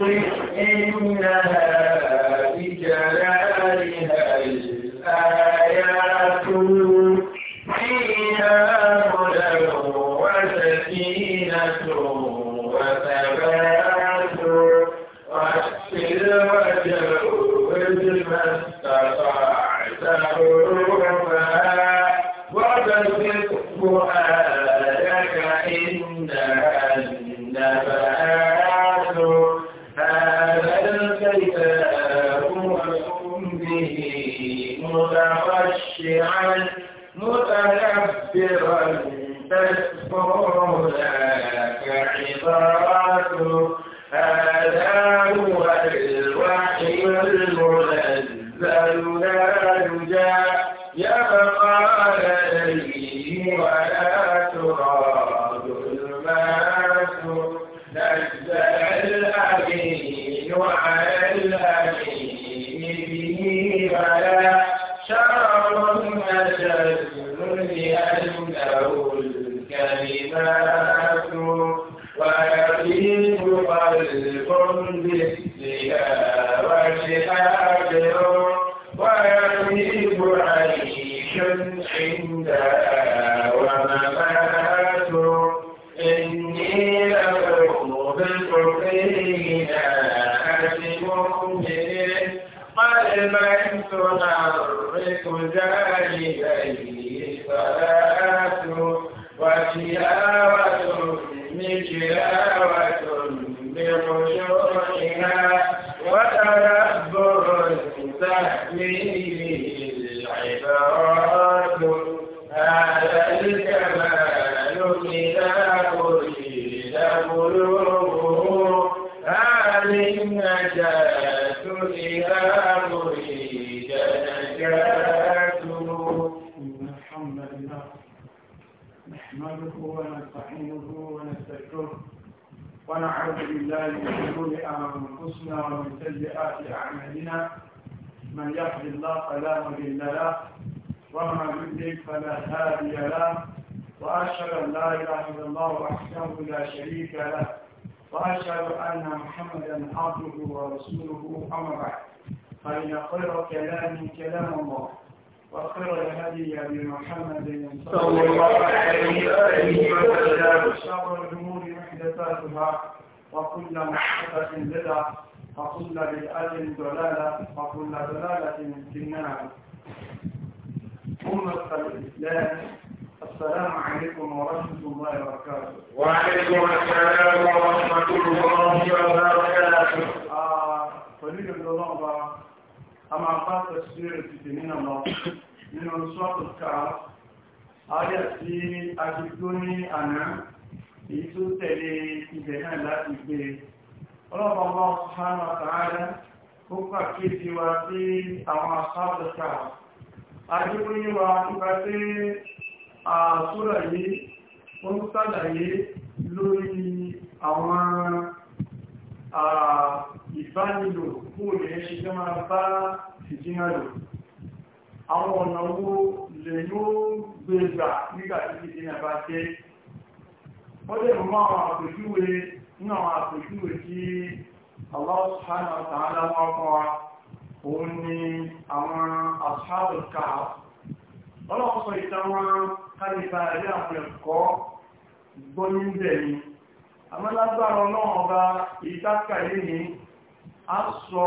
قل إنها إجلال أعمالنا من يهد الله فلا مضل له ومن يضلل فلا هادي له وأشهد أن لا إله إلا الله وحده لا شريك له وأشهد أن محمدا عبده ورسوله أما بعد فإن خير كلام كلام الله وخير الهدي أبي محمد صلى الله عليه وسلم وشر الأمور محدثاتها وكل محدثة بدعة فكل بدعة ضلالة وكل ضلالة في النار أمة الإسلام السلام عليكم ورحمة الله وبركاته وعليكم السلام ورحمة الله وبركاته آه، فريق الدولة أما قد تسير تتنين الله من أنصار الكعب آية في أجدوني أنا يسوع تلي تبهان لا تبهان ọlọ́pàá ọmọ ṣùgbọ́n àtàrà ó pàkíyèsí wa sí àwọn asáàbùkà àdíkúnyí wa nípa sí àṣúrà yìí ó ń sàlàyé lórí àwọn ìbánilò fún olè ṣe jẹ́ máa bá ìjìnà lò àwọn ọ̀nà owó lè yóò gbègbà nígbàtí ìjìnà bá jẹ́ wọ́n mọ́ àwọn àpèjúwe nínú àwọn àpèjúwe tí Allah subhanahu wa ta'ala wọn kọ́ wa òun ni àwọn ashabul kahf ọlọ́pọ̀ sọ ìtàwọn kálífà ilé àwọn ẹ̀kọ́ gbọ́ ní ìbẹ̀ ni àmọ́lágbàrọ̀ náà ọba ìtàkà ilé ni a sọ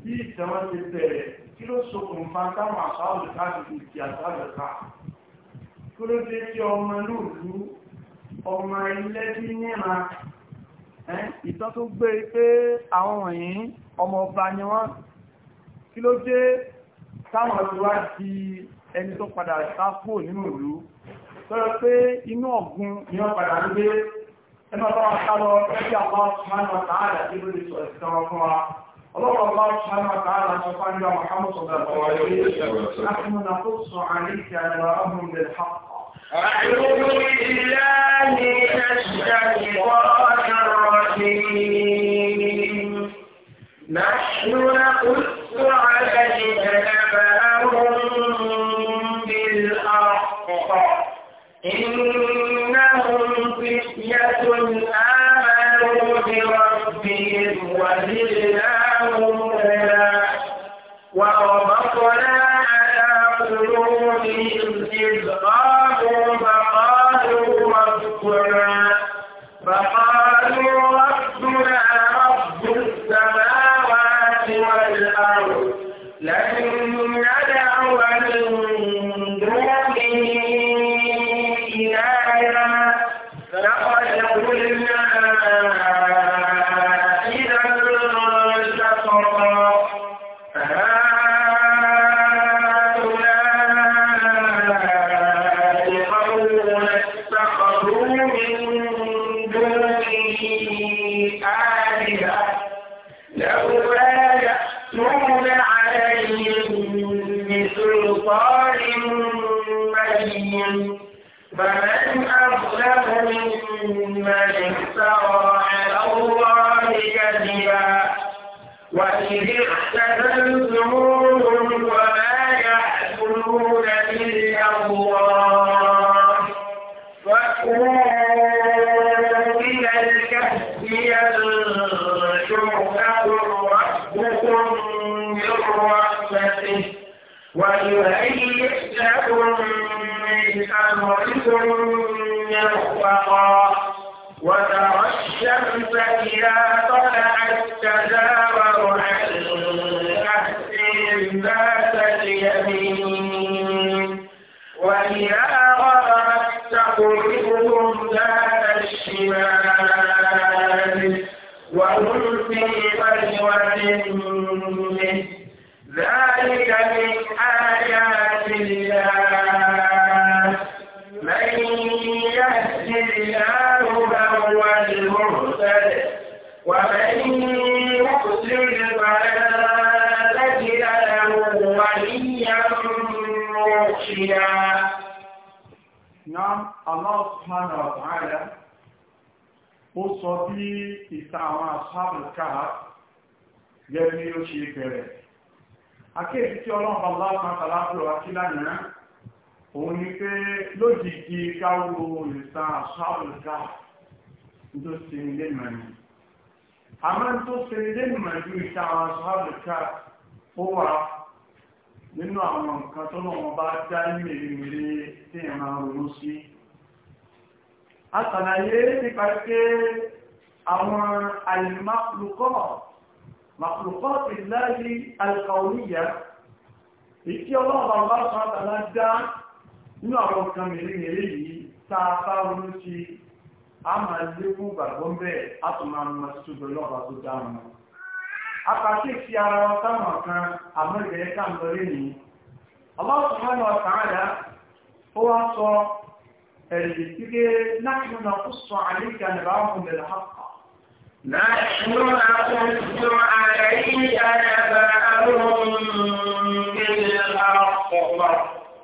bí ìtàwọn ti bẹ̀rẹ̀ kí ló ṣokùnfà táwọn ashabul ti kí ló dé tí ọmọ lóòlú ọmọ ilé bí níra ìtàn tó gbé e pé àwọn wọ̀nyí ọmọ ọba ni wọ́n kí ló dé táwọn ọlọ́wà di ẹni tó padà sáfò nínú ìlú tọ́rọ pé inú ọ̀gbun ni wọ́n padà ń gbé ẹnà ọlọ́wà sálọ ẹgbẹ́ àpá ọ̀sánà tààrà tí ló lè sọ ìtàn fún wa ọlọ́wà bá ọ̀sánà tààrà sọ fáńdà mọ̀hámọ́ sọ̀rọ̀ àwọn ọ̀rẹ́ أعوذ بالله من الشيطان الرجيم الرحيم نحن نقص عليك نبأهم بالحق إنهم فتية آمنوا بربهم وزدناهم ń wo òrìṣà àṣàrùká tó ṣe ilé mẹ́rin àmọ́ tó ṣe ilé mẹ́rin ìṣà àṣàrùká ó wà nínú àwọn nǹkan tó lọ́wọ́ bá dá mèremère tí ẹ̀ máa ronú sí àtàlàyé nípa pé àwọn àìmáflùkọ́ màflùkọ́ ti láyé alkaoníyà ìtí ọlọ́ọ̀bà bá sọ́tàlá dá nínú àwọn kan mẹ́rin mẹ́rin yìí tá a bá ronú a máa gbàgbọ́ bẹ́ẹ̀ a tún máa ma ṣùgbọ́n lọ́ba tó dá wọn. apàṣẹ fi ara wọn táwọn kan àmọ́ ìbẹ̀rẹ̀ ká ń lọ lẹ́yìn. Allah subhanahu wa ó wá sọ ẹ̀rì kíké nahnu naqussu 'alayka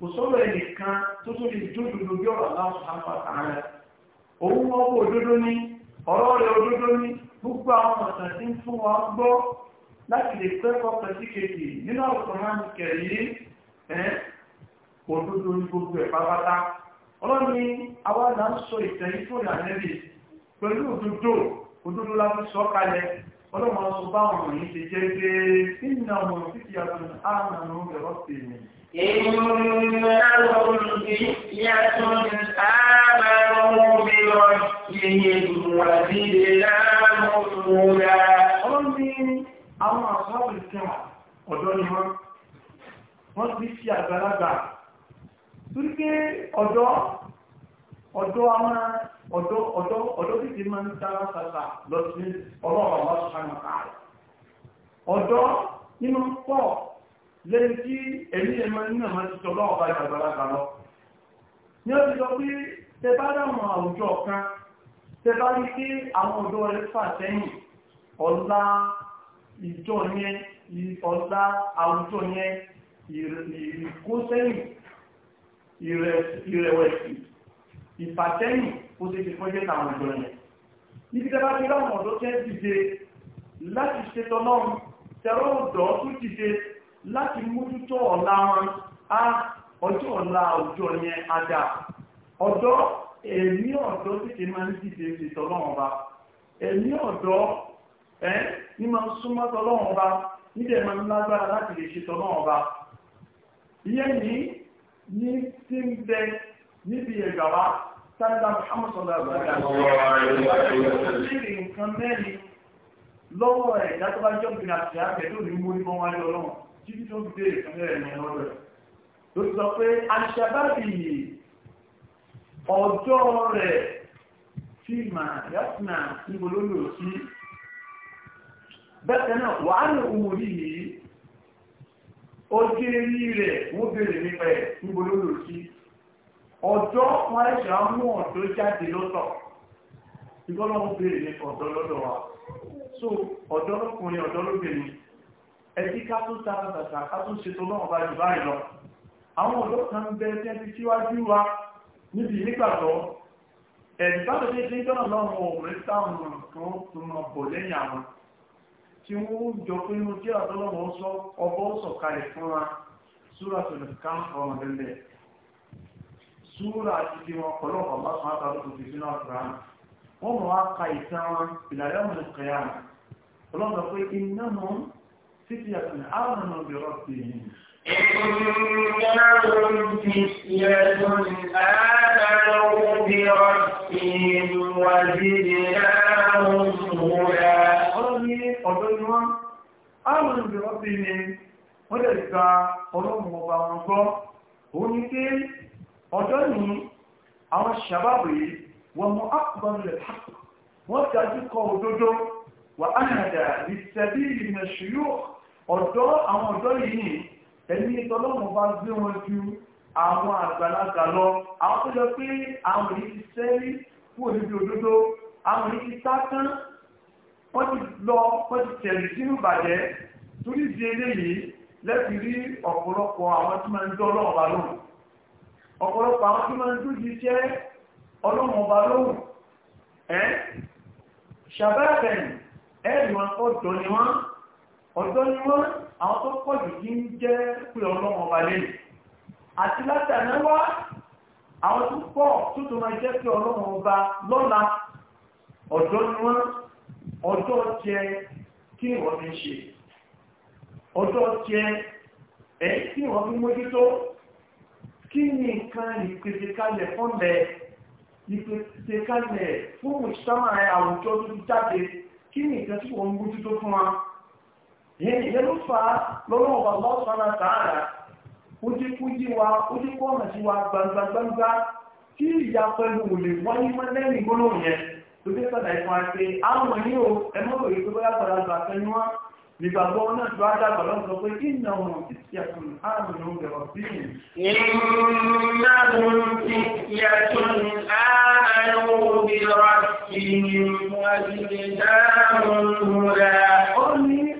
kò sọ́rọ̀ kan tó tún lè jódòdó bí ọ̀rọ̀ aláwọ̀ sáfà ààrẹ òun ọkọ̀ òdodo ní ọ̀rọ̀ rẹ̀ òdodo ní gbogbo àwọn ọ̀sán tí ń fún wa gbọ́ láti lè pẹ́kọ̀ pẹ̀síkèjì nínú àwòrán ẹ́ òdodo ní gbogbo ẹ̀ awádà ń sọ pẹ̀lú òdodo òdodo láti sọ kalẹ̀ sọ báwọn إنهم فتية آمنوا بربهم وزدناهم هدى àwọn àṣọ́bù ìkẹwà ọ̀dọ́ ni wọ́n wọ́n ti fi àgbàlagbà torí pé ọ̀dọ́ ọ̀dọ́ àwọn ọ̀dọ́ ọ̀dọ́ ọ̀dọ́ títí máa ń tara sàtà lọ sí ọlọ́ọ̀rọ̀ ọ̀sán ọ̀dọ́ nínú pọ̀ lẹ́yìn tí ẹ̀mí ẹmọ nínú ma ti sọ́lọ́ ọba ìgbàgbàlagbà lọ. ní ó ti sọ pé tẹ bá dáwọn àwùjọ kan tẹ bá rí pé àwọn ọ̀dọ́ rẹ̀ fà sẹ́yìn ọ̀la ìjọ yẹn ọ̀la àwùjọ yẹn ìkó sẹ́yìn ìrẹ̀wẹ̀sì ìfàsẹ́yìn ó ti fi fọ́jẹ́ àwọn ọ̀dọ́ yẹn. níbi tẹ bá rí láwọn ọ̀dọ́ tẹ́ dìde láti ṣetọ́ náà láti mójútó ọ̀la wọn á ọjọ́ ọ̀la ọjọ́ yẹn ajá ọ̀dọ́ ẹ̀mí ọ̀dọ́ títí máa ń dìde ṣe tọ́lọ́wọ́n ba ẹ̀mí ọ̀dọ́ ẹ̀ ní máa ń súnmọ́ tọ́lọ́wọ́n ba níbẹ̀ máa ń lágbára láti lè ṣe tọ́lọ́wọ́n ba ìyẹn ní ní tí ń bẹ níbi ẹ̀gbà wa sáńdà Muhammad sọ̀rọ̀ àgbàdo àti ọ̀rọ̀ títí tó fi dé ìpínlẹ̀ ẹ̀yìn ọ̀rẹ́ ló sọ pé aṣàbábì ọjọ́ rẹ̀ tí màá yàtúnà níbo ló lò sí bẹ́ẹ̀ náà wàá ní òmùrí yìí ó jẹ́ rí rẹ̀ wọ́n bèèrè nípa ẹ̀ níbo ló lò sí ọjọ́ wọn ẹ̀ṣẹ̀ mú ọ̀dọ́ jáde lọ́tọ̀ ìgbọ́n bèèrè nípa ọ̀dọ́ lọ́dọ̀ wa so ọ̀dọ́ lọ́kùnrin ọ̀dọ́ lóbìnrin ẹ̀tí ká tún tara tàtà ká tún ṣètò náà bá jù báyìí lọ àwọn ọ̀dọ́ kan bẹ ẹgbẹ́ ti síwájú wa níbi nígbàgbọ́ ẹ̀rí báwo ṣe ṣe ń jọ́nà lọ́rùn òun táwọn kan tó mọ bọ̀ lẹ́yìn àwọn tí wọ́n jọ pé inú jẹ́ àtọ́lọ́wọ́ sọ ọbọ̀ sọ̀kalẹ̀ fúnra súra tòlù kan ọmọ lẹ́lẹ̀ súra àti tí wọn kọ́ bá tó wọn فتية آمنوا بربهم إنهم فتية آمنوا بربهم وزدناهم هدى Àrùn ìrọ́bí ni wọ́n lè gba ọlọ́run ọba wọn gbọ́, òun ni pé ọjọ́ ní àwọn ṣàbábì wọ́n mọ́ ápùgbọ́nlẹ̀ ọ̀dọ́ àwọn ọ̀dọ́ yìí ni ẹ̀mí tọ́lọ́mù bá gbé wọn ju àwọn àgbàlagbà lọ àwọn tó jọ pé àwọn èyí ti sẹ́rí fún òdìdí òdodo àwọn èyí ti sátán wọ́n ti lọ wọ́n ti tẹ̀lé sínú ìbàjẹ́ torí di eléyìí lẹ́fi rí ọ̀pọ̀lọpọ̀ àwọn tí máa ń dọ́ ọlọ́ọ̀bá lóhùn ọ̀pọ̀lọpọ̀ àwọn tí máa ń dúdú iṣẹ́ ọlọ́ọ̀bá lóhùn ẹ́ ṣàbẹ́ẹ̀bẹ̀rẹ̀ ẹ̀rì wọn kọ́ ni wọ́n ọ̀dọ́ ni wọ́n àwọn tó pọ̀ jù kí ń jẹ́ pé ọlọ́run ọba lẹ́yìn àti látàná wá àwọn tó pọ̀ tó tó máa jẹ́ pé ọlọ́run ọba lọ́la ọ̀dọ́ ni wọ́n ọ̀dọ́ jẹ kí wọ́n fi ṣe ọ̀dọ́ jẹ ẹ̀ kí wọ́n fi mójútó kí ni nǹkan ìpèsè kalẹ̀ fọ́nlẹ̀ ìpèsè kalẹ̀ fún ìṣàmà àwùjọ tó ti jáde kí ni nǹkan tí wọ́n mójútó fún wa yẹn ló fà á lọ́wọ́ bàbá ọ̀sánà tààrà kújíkújí wa kújíkọ́nà sí wa gbangbangbangba tí ìyá pẹ̀lú òlè wáyé mọ́ lẹ́yìn gbólóhùn yẹn tó dé sọ̀dà ìfún wa pé àwọn yìí ó ẹmọ́ lòye tó bóyá gbàdá gbà fẹ́yìn wá nígbàgbọ́ náà tó ájá gbàdá sọ pé kí nà wọn ti ti ẹ̀sùn ló bẹ̀rọ̀ sí i. ìnáwó ti ló ti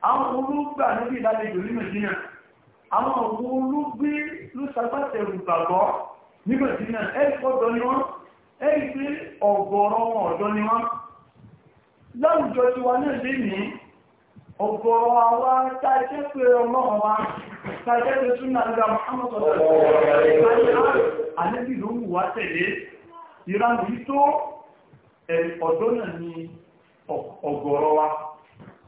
àwọn olúgbà níbi ìlàlejò ní mẹ́jìnà àwọn ọ̀gbọ̀n olúgbé ló sàgbàtẹ̀rù gbàgbọ́ ní mẹ́jìnà ẹ́ẹ̀kọ́dọ̀ ni wọ́n ẹ́ẹ̀kẹ́ ọ̀gọ̀rọ̀ ọ̀dọ́ ni wọ́n láwùjọ ti wà náà lé ní ọ̀gọ̀rọ̀ àwa tàíjẹ́ pé ọlọ́run wa tàíjẹ́ pé súnà nígbà mọ́hàmọ́sọ̀rọ̀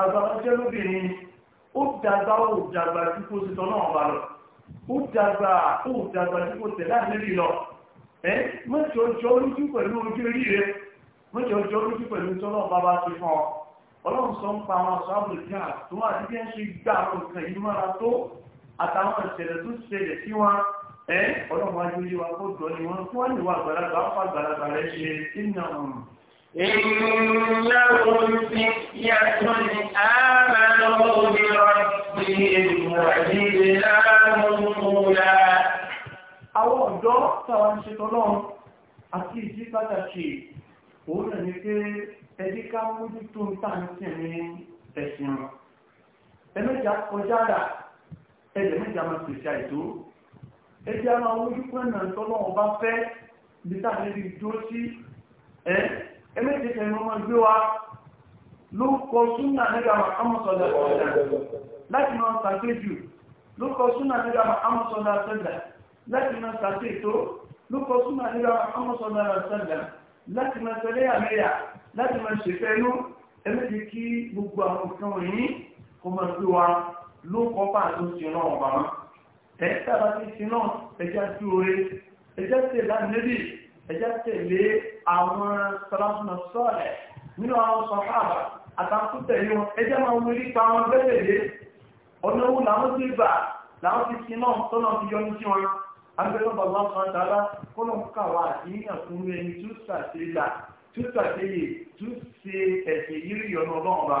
àgbàwájẹ́ lóbìnrin ó dàgbà ó dàgbà tí kò sí tọ́nà ọba lọ ó dàgbà ó dàgbà tí kò tẹ̀lé àlẹ́rì lọ ẹ mọ́jọ jọ lójú pẹ̀lú ojú rí rẹ mọ́jọ jọ lójú pẹ̀lú tọ́nà ọba bá ti fún ọ ọlọ́run sọ ń pa àwọn aṣọ àbòjá tó wà ní bí ẹ ṣe gbà àwọn nǹkan yìí mára tó àtàwọn ìṣẹ̀lẹ̀ tó ṣẹlẹ̀ sí wọn ẹ ọlọ́run wájú yìí wá kó dọ̀ ni wọ́n fún wọn níwà àgbàlagbà fún àgbàlagbà rẹ ṣe ìnáwó إنهم فتية آمنوا بربهم وزدناهم هدى Àwọn ọ̀dọ́ tàwà ń ṣe tọ́lọ́run àti ìjí pàtàkì òun rẹ̀ ní pé ẹjí ká mójú tó ń tàà sí ní ẹ̀sìn rẹ̀. Ẹmẹ́jà kọjá àdà ẹgbẹ̀ mẹ́jà máa pèsè àìtó. Ẹjá máa mójú pẹ́nà tọ́lọ́run bá fẹ́ bí tàà eléyìí tẹ̀lé ọmọ gbé wa ló kọ súnà nígbà àmọ́sọ̀lá ọ̀sẹ̀lá láti máa sàké jù ló kọ súnà nígbà àmọ́sọ̀lá ọ̀sẹ̀lá láti máa sàké tó ló kọ súnà nígbà àmọ́sọ̀lá ọ̀sẹ̀lá láti máa tẹ̀lé àmẹ́yà láti máa ṣèfẹ́nú eléyìí kí gbogbo àwọn nǹkan wọ̀nyí kó máa gbé wa ló kọ́ bá tó ṣe náà ọ̀bà mọ́ ẹ̀ tábà ti ṣe náà ẹjá sí oore ẹjá tẹ̀lé àmẹ́lì àwọn sọ́lọ́sọ̀nà sọ́ọ̀lẹ̀ nínú àwọn sọ̀hábà àtàkùtẹ̀ yóò ẹjẹ́ máa ń rí pa wọn lẹ́lẹ̀lẹ́ ọ̀nà owó làwọn ti bà láwọn ti sin náà tọ́nà fi yọnu sí wọn agbẹ́lọ́bọ̀ lọ́sàn-án dára kọ́nà kàwà àdíyàn fún ẹni tó sàtìlà tútàdéyè tú ṣe ẹ̀sìn yírí ìyọ̀nà ọlọ́run bá.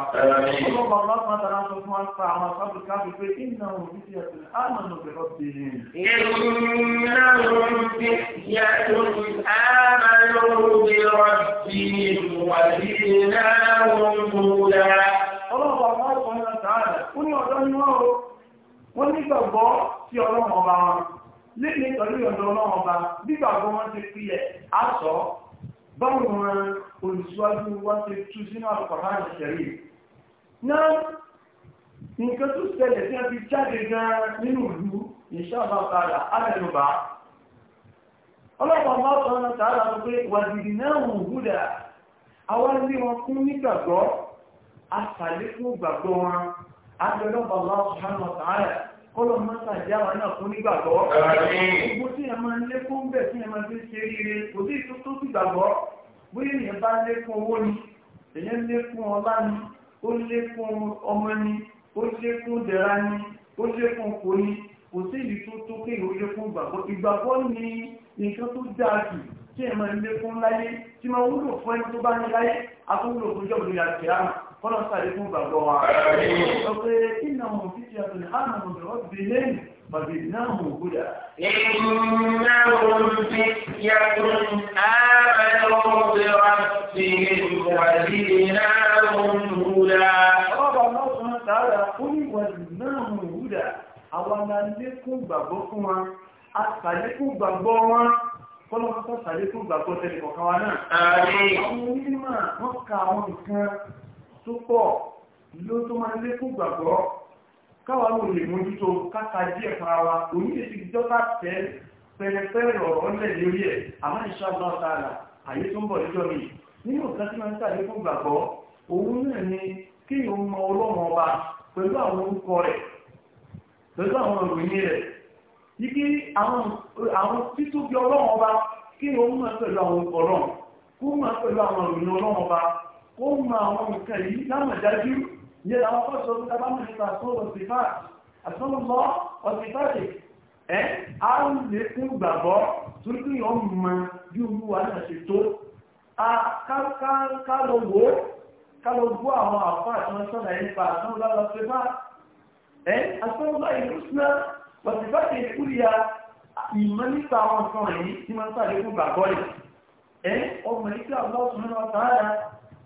ọlọ́run bá máa tara sọ fún wa pa àwọn sábà káàdùn pé iná òun ti ti ẹ̀sìn àmọ́ ní ọ̀bẹ̀rọ̀ ti ní. iná òun ti ti ẹ̀sìn àmọ́ ní ọ̀bẹ̀rọ̀ ti ní wà ní iná òun tó dára. ọlọ́run bá máa sọ ní ọ̀sán rẹ̀ ó ní ọ̀dọ́ ni wọ́n o wọ́n nígbàgbọ́ sí ọlọ́run ọba wọn lé báwọn olùsíwájú wá ti tú sínú àpàrá ìṣẹ̀rí náà nǹkan tó ṣẹlẹ̀ tí a fi jáde gan nínú ìlú ìṣàbà padà alẹ́lọ́bà ọlọ́pàá máa tọ́ ọ̀nà tààrà ló pé wàdìdì náà wù húdà àwọn ilé wọn kún nígbàgbọ́ àtàlékún gbàgbọ́ wọn àgbẹ̀lọ́pàá máa tọ́ ọ̀nà tààrà kọ́lọ̀ máa ń tàjá wa náà fún nígbàgbọ́. gbogbo tí ẹ máa ń lékún bẹ̀ tí ẹ máa fi ń ṣe rere kò sí ìtútù sí gbàgbọ́ bóyá èèyàn bá lékún owó ni èèyàn lékún ọlá ni ó lékún ọmọ ni ó lékún dẹ̀ra ni ó lékún kò ni kò sí ìtútù pé ìwé lékún gbàgbọ́ ìgbàgbọ́ ni nǹkan tó dáa jù tí ẹ máa ń lékún láyé tí máa wúlò fún ẹni tó bá ní láyé àtúwúlò fún jọ́ọ̀bù kọ́lọ̀ sáré fún gbàgbọ́ wa sọ pé iná mọ̀ fífi àtúnṣe àmà mọ̀ bẹ̀rọ̀ bí lẹ́yìn bàbí náà mọ̀ gbọ́dà. iná mọ̀ fífi àtúnṣe àmà mọ̀ bẹ̀rọ̀ bí lẹ́yìn bàbí náà mọ̀ gbọ́dà. ọba náà sọ sára ó mọ̀ gbọ́dà àwọn alálékún gbàgbọ́ fún wa àtàlékún gbàgbọ́ wọn kọ́lọ́ kọ́kọ́ sàlékún gbàgbọ́ tẹ̀lé kọ̀ọ̀kan wa náà. àwọn onímọ̀ wọ́n ka àwọn nǹkan tó pọ̀ ló tó máa lékún gbàgbọ́ káwa ló lè mójútó káka díẹ̀ fara wa oníṣẹ́ ti jọ́ta tẹ́ pẹ̀lẹ́pẹ̀lẹ́ ọ̀rọ̀ ńlẹ̀ lórí ẹ̀ àmọ́ ìṣá náà sára àyè tó ń bọ̀ lọ́jọ́ mi nínú nǹkan tí máa ń sàlékún gbàgbọ́ òun náà ni kí òun mọ ọlọ́run ọba pẹ̀lú àwọn orúkọ rẹ̀ pẹ̀lú àwọn ìròyìn rẹ̀ yíkí àwọn títóbi ọlọ́run ọba kí òun máa pẹ̀lú àwọn orúkọ ọlọ́run kó máa pẹ̀lú àwọn ìròyìn ọlọ́run ọba ó mọ àwọn nǹkan yìí lámọ̀dájú ní àwọn fọ́sọ̀ tó tàbá mọ̀ nípa àtọ́lọ̀ sífà àtọ́lọ̀ ọ̀sífàṣì ẹ́ a ń lè fún gbàgbọ́ tó kí wọ́n mọ bí olúwa náà ṣe tó kálọ̀ wò kálọ̀ gbó àwọn àfọ́ àtọ́lọ̀ sọ́nà nípa àtọ́lọ̀ sífà ẹ́ àtọ́lọ̀ ìrúsùnà ọ̀sífàṣì ìkúrìyà ìmọ̀ nípa àwọn nǹkan yìí tí wọ́n ń pàdé fún gbàgbọ́ yìí ẹ́ ọmọ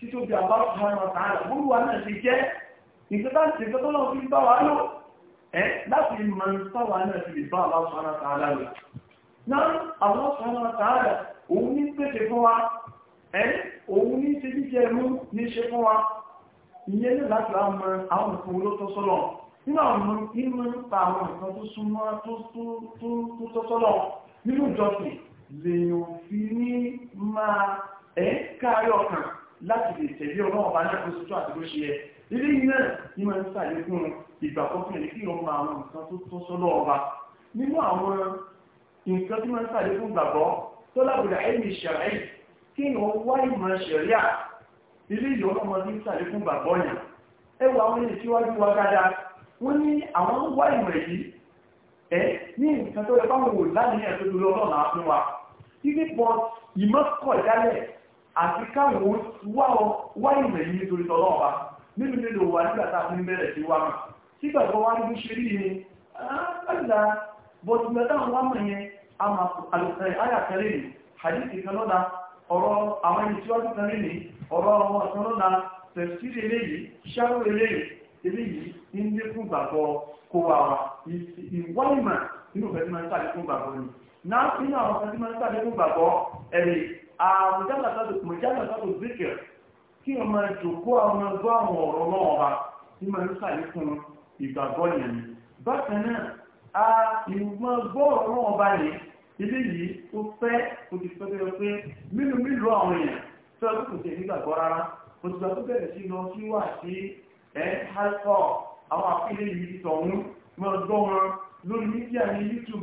títóbi àbáwọ̀ àwọn ọ̀tàrà gbogbo wa náà ti jẹ́ ìgbẹ́ta ti gbẹ́tọ́ lọ́wọ́ fi bá wa lò ẹ́ láti ma ń sáwà náà ti bá àwọn ọ̀tàrà tààrà lò náà àwọn ọ̀tàrà tààrà òun ní pèsè fún wa ẹ́ òun ní ṣe jíjẹ mú ní ṣe fún wa ìyẹn ní láti wá mọ àwọn nǹkan olótọ́ sọ́lọ̀ nínú àwọn inú nípa àwọn nǹkan tó láti lè tẹ̀lé ọlọ́run bá ní àkóso tó àti bó ṣe yẹ ilé yìí náà ní wọn ń ṣàlékún ìgbà kọfún ẹni kí wọn máa àwọn nǹkan tó tó sọ́lọ́ ọba nínú àwọn nǹkan tí wọn ń ṣàlékún gbàgbọ́ tó lábùdà ẹ̀mí ṣẹ̀rẹ̀ kí wọn wá ìmọ̀ ṣẹ̀ríà ilé yìí ọlọ́mọ ní ṣàlékún gbàgbọ́ yẹn ẹ wọ àwọn ilé síwájú wa dáadáa wọn ní àwọn wá ìmọ̀ èyí ẹ ní nǹkan tó yẹ báwọn wò láti ní ẹ̀sọ́ àti káwọn wá ìmọ̀ yìí nítorí tọ́lọ́ ọba nínú nínú wa nígbà tá a fi ń bẹ̀rẹ̀ sí wa mọ̀ sígbà tó wá níbi ṣe rí ni àgbà bọ́tù mẹ́ta wà mọ̀ yẹn àyàkẹ́rẹ́ ni hadithi kan lọ́dà ọ̀rọ̀ àwọn ẹni tí wọ́n ti kan ọ̀rọ̀ ọmọ kan lọ́dà tẹ̀síri eléyìí ṣáró eléyìí eléyìí ní fún gbàgbọ́ kó wa wa ìwọ́nìmọ̀ nínú Ah, mùjálàsátò zikir kí wọ́n máa jòkó àwọn ẹgbọ́ àwọn ọ̀rọ̀ náà ọba tí máa ń sàlékún ìgbàgbọ́ yẹn ni bákan náà a ìwọ̀n gbọ́ọ̀rọ̀ náà ọba ní ilé yìí ó fẹ́ ó ti fẹ́ fẹ́ pé mílùú mílùú àwọn èèyàn tó ẹgbẹ́ kò tẹ̀ nígbàgbọ́ rárá mo ti gbà tó bẹ̀rẹ̀ sí lọ sí wà sí ẹ̀ hálfọ́ àwọn àfihàn yìí ti tọ̀hún mọ́ ọdọ́ wọn lórí mídíà ní YouTube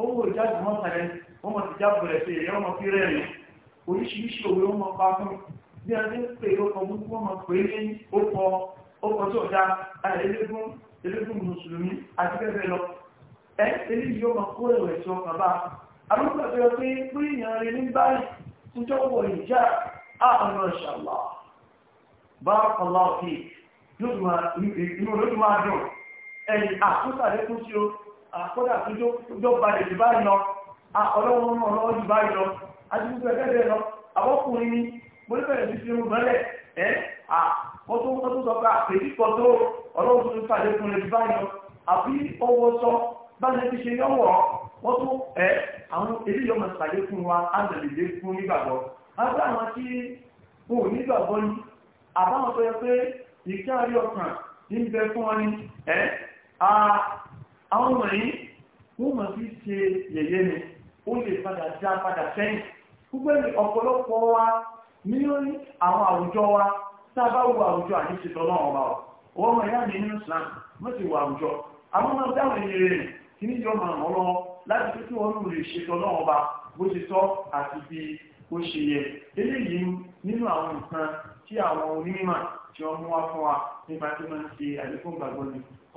ó wò jáde mọ́ sàrẹ́ wọ́n mọ̀ sí jábùrẹ̀ sí ẹ̀yẹ́ ọmọ fi rẹ̀ rìn oríṣiríṣi òwe ó mọ pa fún bí ẹni pé ó kọ mú wọ́n mọ̀ pé ní ó kọ ó kọ tó dá ẹlẹ́gùn ẹlẹ́gùn mùsùlùmí àti bẹ́ẹ̀ lọ ẹ eléyìí ó mọ kó ẹ̀wẹ̀ sí ọkàn bá arúgbó ẹgbẹ́ pé pé èèyàn rẹ ní báyìí ń jọ àkọ́dà tó jọ balẹ̀ jù báyìí lọ ah, ọlọ́run ọrụ jù báyìí lọ adúgbò ẹgbẹ́ lọ àbọ́kùnrin ni mo ní bẹ̀rẹ̀ irun mọ́lẹ̀ ẹ́ àkọ́tún ah, tó sọ pé àpèjì ah, tó ọlọ́run tó pàdé fún báyìí lọ àbí sọ báyìí ti ṣe yọ̀wọ̀ wọ́n ẹ́ àwọn fún wa fún nígbàgbọ́ àwọn wọ̀nyí wọ́n mọ̀ sí ṣe yẹ̀yẹ́ ni ó lè padà já padà sẹ́yìn púpẹ́ ní ọ̀pọ̀lọpọ̀ wa ní àwọn àwùjọ wa sábà wo àwùjọ àdíṣe tọ́lọ́ ọba ọ̀ wọ́n mọ̀ ìyá mi nínú Islam wo àwùjọ àwọn kí ní lọ láti pé kí lè ọba bó tọ́ àti bí ó ṣe yẹ eléyìí nínú àwọn nǹkan tí àwọn onímọ̀ tí wọ́n mú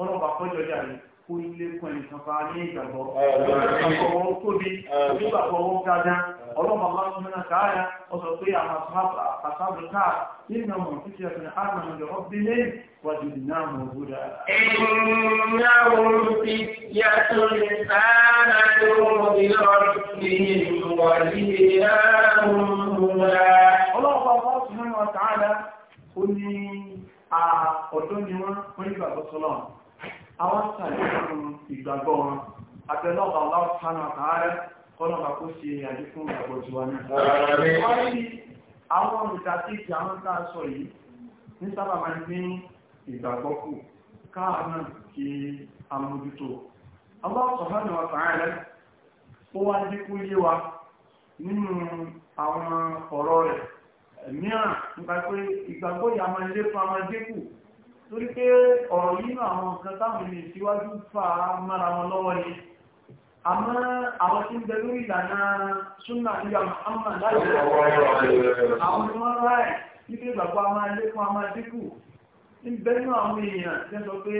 wá kó ilé fún ẹnìkan fa ní ìgbàgbọ́ ọ̀pọ̀wọ́ tóbi onígbàgbọ́wọ́ gájá ọlọ́mọ aláṣọ́mọ́nà káàyà ó sọ pé àpàtàkì káà nínú ọmọ títí ẹ̀sìn àmàlà ìjọba bí lé wàjú náà mọ̀ búdà. ìnáwó ti yàtọ̀ lè sáárà ni wọ́n wọ́n ní àwọn sàlẹ̀kùn ìgbàgbọ́ wọn àtẹ́lọ́gbà aláwọ̀tánà àtàárẹ́ kọ́lọ̀gbà kó ṣe àdíkùn ìgbàgbọ́ jù wá ní wọ́n rí àwọn olùdásíkì àwọn tá a sọ yìí ní sábà máa ní ìgbàgbọ́ kù káàmà kí a wa ma torí pé ọ̀rọ̀ yìí náà àwọn nǹkan táwọn ènìyàn síwájú fà á mára wọn lọ́wọ́ ni àmọ́ àwọn tí ń bẹ lórí ìlànà súnà ìyá Muhammad láti àwọn tí wọ́n ráì nígbà ìgbàgbọ́ a a máa dínkù ń bẹ nínú àwọn èèyàn tí sọ pé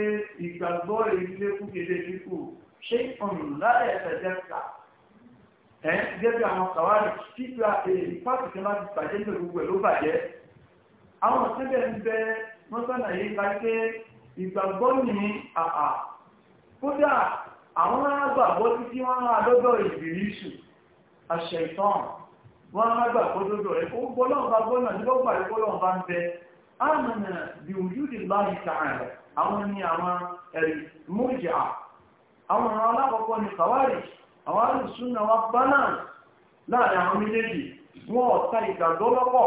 ìgbàgbọ́ ìdílé kú kéde dínkù ṣé ọ̀nà láì ẹ̀sẹ̀ jẹ́ta ẹ̀ gẹ́gẹ́ àwọn kàwárí títí a èyí pàtàkì láti bàjẹ́ gbogbo ẹ̀ ló bàjẹ́ àwọn tẹ́lẹ̀ ń bẹ wọ́n sàlàyé ká pé ìgbàgbọ́ ní àà kódà àwọn agbàgbọ́ títí wọ́n rán adọ́dọ̀ ìbìrìṣù àṣẹ ìtàn wọ́n rán agbàgbọ́ dọ́dọ̀ rẹ̀ ó gbọ́lọ́ọ̀bá gbọ́nà nígbàgbà ìgbọ́lọ́ọ̀bá ń bẹ àmàna bí òjúdì láì tààrà àwọn ní àwọn ẹ̀rí múrìjà àwọn ọ̀rọ̀ alákọ̀ọ́kọ́ ni kàwárì àwọn àrùsùn náà wá bánà láàrin àwọn méjèèjì wọn ọ̀ta ìgbàgbọ́ lọ́pọ̀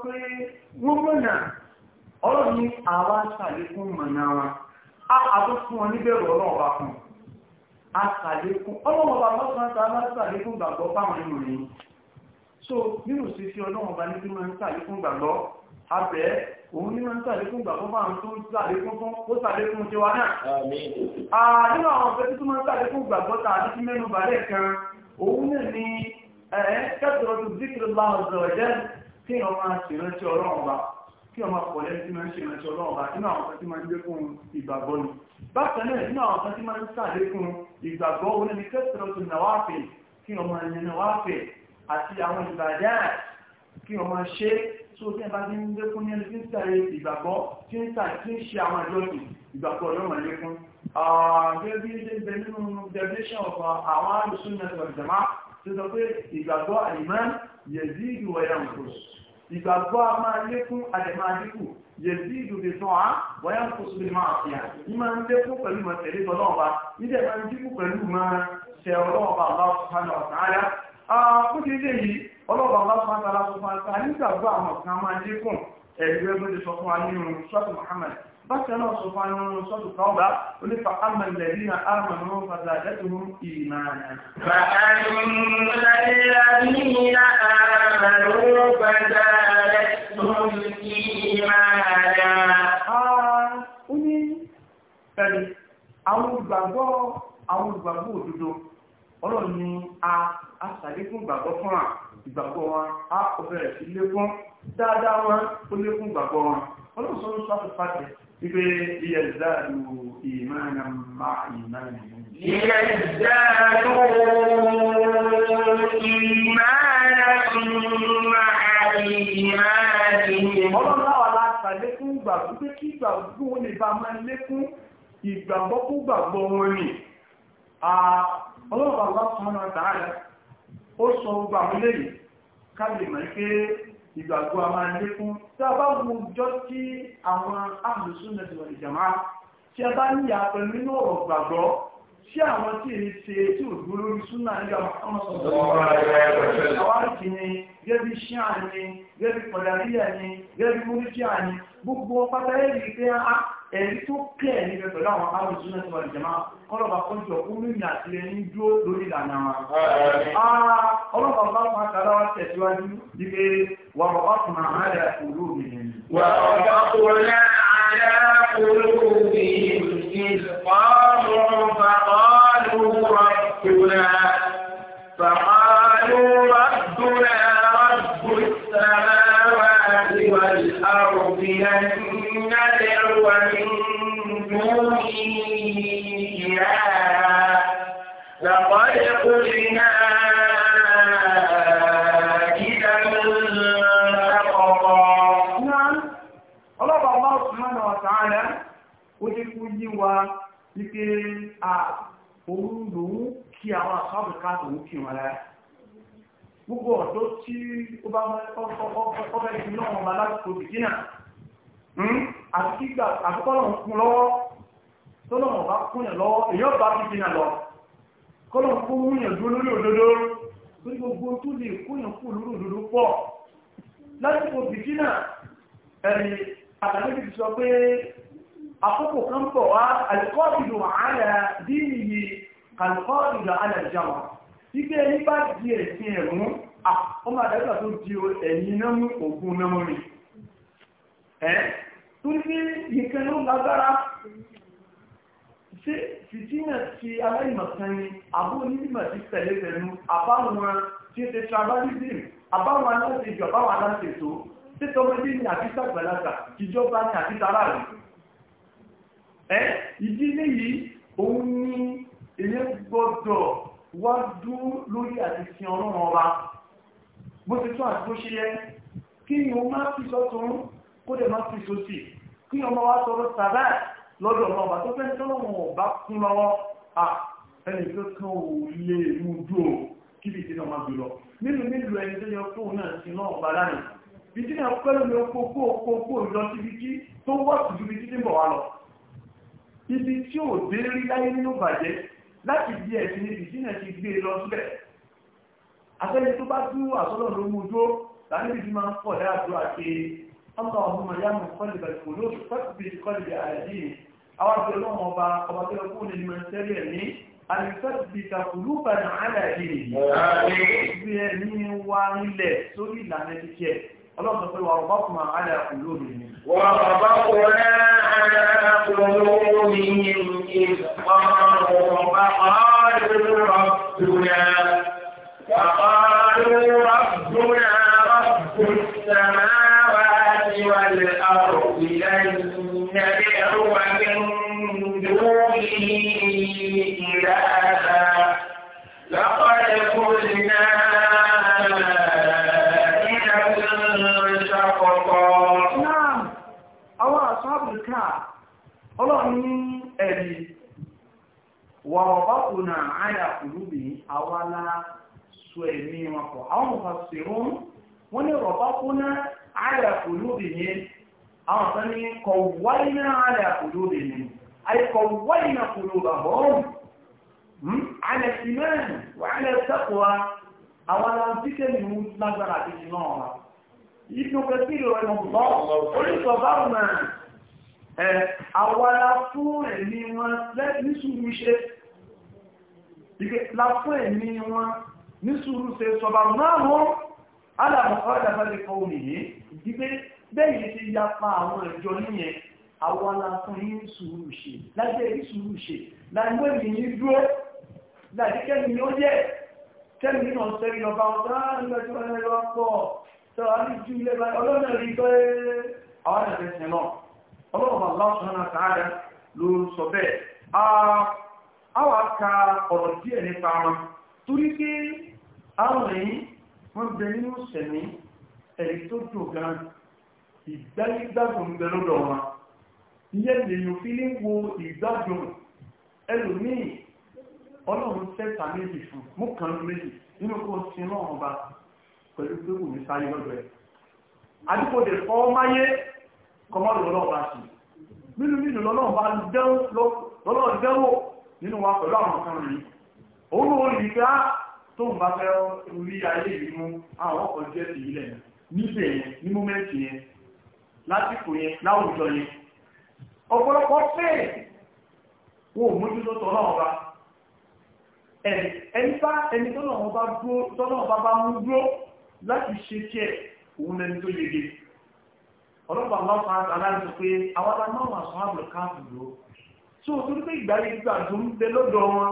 pé wọ́n mọ̀nà ọlọ́run ní àwa ṣàlékún mọ̀nà wa fún wọn níbẹ̀rù ọlọ́run fún àṣàlékún ọlọ́run lọ́sàn án tá gbàgbọ́ fáwọn ẹnu rẹ̀ so nínú sí sí ọlọ́run ní kẹ́tọ̀rọ̀ tó zikiri láwọn ọ̀sẹ̀ ọ̀jẹ́ kí wọ́n máa ṣèrántí ọlọ́run bá kí wọ́n máa pọ̀lẹ́ tí máa ń ṣèrántí ọlọ́run bá nínú àwọn kan tí máa ń gbé fún ìgbàgbọ́ ni bákan náà nínú àwọn kan tí máa ń sàlẹ̀ fún ìgbàgbọ́ orí ni kẹ́sìtọ́tù nàwáfẹ́ kí wọ́n máa yẹn nàwáfẹ́ àti àwọn ìbàdá kí wọ́n máa ṣe tó tẹ́ bá ní ń lékún ní ẹni tí ń sàrẹ ìgbàgbọ́ tí ń sàrẹ tí ń ṣe àwọn ìjọsìn ìgbàgbọ́ yóò máa lékún. Ah, gẹ́gẹ́ bí ilé ìgbẹ́ nínú tó sọ pé ìgbàgbọ́ àìmọ́ yẹ̀dí ìdùwọ̀ ẹ̀yà nǹkan ìgbàgbọ́ a máa lékún àdẹ̀má dínkù yẹ̀dí ìdùbí sàn á wọ́yà nǹkan sóbi máa fi hàn ní máa ń lékún pẹ̀lú mọ̀ tẹ̀lé tọ́lọ́ọ̀ba níjẹ̀ máa ń dínkù pẹ̀lú máa ṣẹ ọlọ́ọ̀ba aláwọ̀ kúti ilé yìí ọlọ́pàá bá fún àtàlà fún àtàlà nígbàgbọ́ àwọn kan máa lékún ẹ̀rí ẹgbẹ́ tó sọ fún wa nínú sọ́tù Muhammad bákan náà sọ fún àwọn sọ́dù káwọ́bá onípa amàlẹ̀bí na àmàlú fàzàjẹ́tù mú ìmáàna. ni a aṣàlékún gbàgbọ́ fún à ọrụ wọn a kò bẹ̀rẹ̀ sí lékún dáadáa wọn ó lékún gbàgbọ́ wọn sọ ló sọ wípé ilẹ̀ ìzáàlù ìmáàna máa ìmáàna ilẹ̀ ìzáàlù ìmáàna máa ìmáàna ọlọ́láwà láta lékún ìgbàgbọ́ pé kí ìgbàgbọ́ wọn lè bá máa lékún ìgbàgbọ́ kú gbàgbọ́ wọn ni ọlọ́pàá lọ́pàá sọ́nà tààrà ó sọ gbàmúlẹ̀ kábìmọ̀ pé ìgbàgbọ́ a máa lékún tí a bá mú jọ tí àwọn àmùsùnà ti wà ìjàmá tí a bá níyà pẹ̀lú inú ọ̀rọ̀ gbàgbọ́ tí àwọn tí èyí ṣe tí ò dúró lórí súnà nígbà àwọn sọ̀rọ̀ àwọn àrùkì ni gẹ́bí ṣíà ni gẹ́bí pọ̀dàríyà ni gẹ́bí múríṣíà ni gbogbo pátá ẹ̀rí pé ah, ẹ̀rí tó kẹ́ ẹ̀ níbẹ̀ pẹ̀lú àwọn àrùsùnà ti wà ìjàmá kọ́lọ́bà kọ́jọ kún mímì àti ẹni dúró lórí ìlànà wọn. Ah, ọlọ́pàá bá wọn kàdáwà tẹ̀síwájú وربطنا على قلوبهم وربطنا على قلوبهم إذ قاموا فقالوا ربنا فقالوا wa wípé òun lòun kí àwọn àṣọ́bìká òun kí wọn lára gbogbo ọ̀dọ́ tí ó bá ọbẹ̀ ìlú náà wọn láti kò bìí náà hmm, àti kígbà àkọ́kọ́lọ̀ ń kún lọ́wọ́ tó lọ́wọ́ bá kúnyẹ̀ lọ́wọ́ èyàn bá bìí náà lọ kọ́lọ̀ kó múyàn dúró lórí òdodo torí gbogbo tó lè kúnyàn kú lórí òdodo pọ̀ láti kò bìí náà ẹ̀rìn àtàlẹ́bí ti sọ pé àkókò kan bọ̀ wá alìkọ́bìlù ààrẹ dínìyí alìkọ́bìlù ààrẹ jama wípé ẹni bá di ẹ̀sìn ẹ̀mú ọmọ àdájọ́ tó di ẹ̀yìn námú ògùn námú rí ẹ́ tó ní nǹkan ló lágbára ṣe fìtínà ti aláìmọ̀kan ni àbó onímọ̀ ti tẹ̀lé tẹ̀lú àbáwọn tí ó ṣe tribalism àbáwọn aláṣejù àbáwọn aláṣètò títọ́mọdé ni àbí ìjọba ni àbí ẹ́ ìdílé yìí òun ní èyàn gbọ́dọ̀ wá dúró lórí àti sin ọlọ́run ọba bó ti tún àti bó ṣe yẹ kí ni o máa fi sọ́tún kó dẹ̀ máa fi sósì kí ni ọmọ wa sọ̀rọ̀ sàbẹ́ lọ́dọ̀ ọmọ ọba tó fẹ́ tọ́lọ́run ọba kún lọ́wọ́ ẹni tó kán ò lè mú dúró kí bí ìdí náà máa gbé lọ nínú nílùú ẹni tó yẹ fóun náà sí náà ọba lánàá ìdí náà pẹ́lú ó kó kó kó kó lọ síbi tí tó wọ́ ibi tí ò dé rí láyé nínú bàjẹ́ láti di ẹ̀sìn níbi tí náà ti gbé e lọ sílẹ̀ afẹ́ni tó bá tú àsọ́lọ̀ ló mú dó láti fi máa ń pọ̀ dáadọ́ àti ọmọ ọmọ ya mọ̀ kọ́lì bàjẹ́ kò ló fẹ́kùbí kọ́lì àyàjí àwọn àti ọlọ́run ọba ọba tó lọ kúrò nínú ẹ̀ńtẹ́rì ẹ̀mí alifẹ́sìbìkà kùlúbàdà aláàdì bí ẹni wá nílẹ̀ sórí ìlànà ẹ̀tíkẹ́ ọlọ́pàá pẹ̀lú àwọn ọba kùnmọ̀ aláàkùn lórí wọ́n bàbá kò قلوبهم إذ قاموا فقالوا ربنا فقالوا ربنا رب السماوات wọ̀rọ̀bá kò náà àyà kùlùbì àwa la sọ ẹ̀mí wọn pọ̀ àwọn mọ̀fà sèrún wọ́n ní rọ̀bá kò náà àyà kùlùbì yẹn àwọn kan ní kọ̀wáì náà àyà kùlùbì yẹn àyè kọ̀wáì náà kùlùbì hmm? àbọ̀ọ́mù àyà ìmẹ́rin wà àyà ìtẹ́kọ̀ọ́ àwọn aláǹtíkẹ́ ni mo lágbára àti jù náà wà ìpín kẹsìrì rẹ̀ mọ̀ bọ́ oríṣọ̀ báwọn náà àwọn ará fún ẹ̀mí wọn lẹ́bí sùúrù iṣẹ́ ìgbé láfún ẹ̀mí wọn ní sùúrù ṣe sọba márùn-ún alàmọ̀kọ́ ìdàbálẹ̀ kọ́ òmìnir ìgbé bẹ́yìn ti yapa àwọn ìjọ níyẹn àwọn aláfún yí sùúrù ṣe lájẹ́ yí sùúrù ṣe láìpẹ́ mi ní dúró láìpẹ́ mi ó yẹ kẹ́mi náà sẹ́rí ọba ọ̀tá nígbàtí wọ́n lọ pọ̀ tó a ní ju ilé báyìí ọlọ́nà rí pé àwọn ẹ̀fẹ́ sẹ́nà ló sọ bẹ́ẹ̀ ah, àwa ka ọ̀rọ̀ díẹ̀ nípa wọn torí pé àwọn èyí wọ́n bẹ nínú sẹ̀mí ẹ̀rí tó dùn gan ìgbáyégbádùn bẹ lọ́dọ̀ wọn ìyẹn lèyàn fi ní wo ìgbádùn ẹlòmíì ọlọ́run sẹ́ta méjì fún mú kan méjì nínú kó sin náà ọba pẹ̀lú pé wù mí sáyé lọ́dọ̀ ẹ̀ àdúgbò dẹ̀ fọ́ máyé kọmọ́lù ọlọ́run bá sí nínú nínú lọ́lọ́run bá dẹ́wò nínú wa pẹ̀lú àwọn kan rí òun ò rí bá tó ń bá fẹ́ rí ayé ìrìnú àwọn ọkọ̀ jẹ́ ti ilẹ̀ níbẹ̀ yẹn ní mọ́mẹ́ntì yẹn lásìkò yẹn láwùjọ yẹn ọ̀pọ̀lọpọ̀ fẹ́ẹ̀ wo mójútó tọ́lá ọba ẹni bá ẹni tọ́lá ọba bá mú dúró láti ṣe tiẹ̀ òun lẹni tó yege ọlọ́pàá lọ́pàá aláìsọ pé àwọn aláìsọ pé àwọn aláìsọ tó torí pé ìgbàlè gbà tó ń bẹ lọ́dọ̀ wọn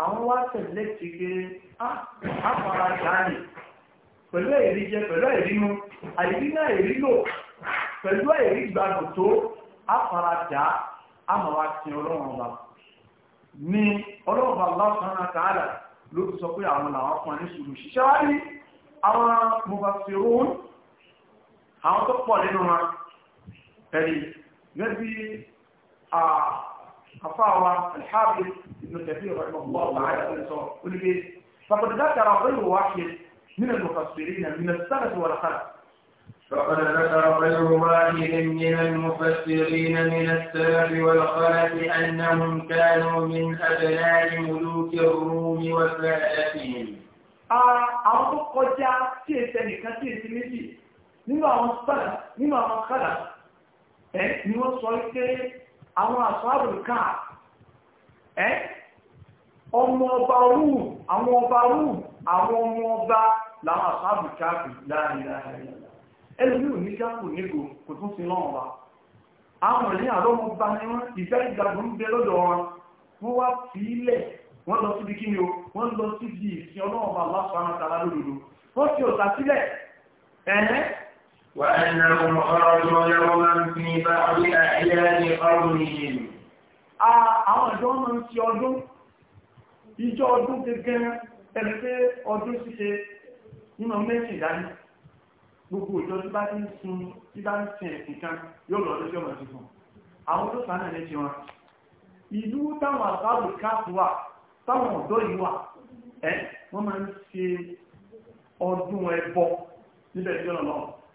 àwọn wá tẹ̀lé ti gbé àpàrà dání pẹ̀lú ẹ̀rí jẹ pẹ̀lú ẹ̀rí mu àìrí náà ẹ̀rí lò pẹ̀lú ẹ̀rí gbàgbọ́ tó àpàrà dá àmọ́ wa ti ọlọ́run ọba ní ọlọ́run ọba lọ́sàn-án àtàlà ló ti sọ pé àwọn làwọn fún ẹni sùúrù ṣiṣẹ́ wá ní àwọn mọ̀fàṣẹ́rún àwọn tó pọ̀ nínú wọn ẹ̀rí gẹ́gẹ́ قصاوة آه، الحافظ ابن كثير رحمه الله تعالى يقول إيه فقد ذكر غير واحد من المفسرين من السلف والخلف فقد ذكر غير واحد من المفسرين من السلف والخلف أنهم كانوا من أبناء ملوك الروم وسادتهم اه tó قد tí èsẹ nìkan tí èsẹ méjì nínú àwọn sọ́là nínú àwọn kọ́là ẹ̀ ni àwọn àṣọ́rùn káà ẹ́ ọmọ ọba orú àwọn ọba orú àwọn ọmọ ọba láwọn àṣọ́rùn káà kù láàrin ẹlùmí ò ní jákù nígò kò tún sí lọ́wọ́ wa àwọn ìrìn àlọ́mọ bá ní wọ́n ìfẹ́ ìjàgbọ́n ń bẹ lọ́dọ̀ wọn wọ́n wá fi ilẹ̀ wọ́n lọ síbi kí ni o wọ́n lọ síbi ìsìn ọlọ́wọ́ bá lásán àtàlá lódodo wọ́n fi ọ̀tà وأنهم خرجوا يوما في بعض أحيان قومهم àwọn ìjọ máa ń ti ọdún ìjọ ọdún gẹ́gẹ́ ẹni pé ọdún ṣíṣe nínú méjì ìdájú gbogbo ìjọ tí bá ti ń sun tí bá ń sin ẹ̀sìn kan yóò lọ lọ́jọ́ ọmọ tuntun àwọn tó sàn náà wọn ìlú táwọn àbábò káàpù wà táwọn ọ̀dọ́ yìí wà ẹ́ wọ́n máa ń ṣe ọdún ẹbọ níbẹ̀ ìjọ náà lọ́wọ́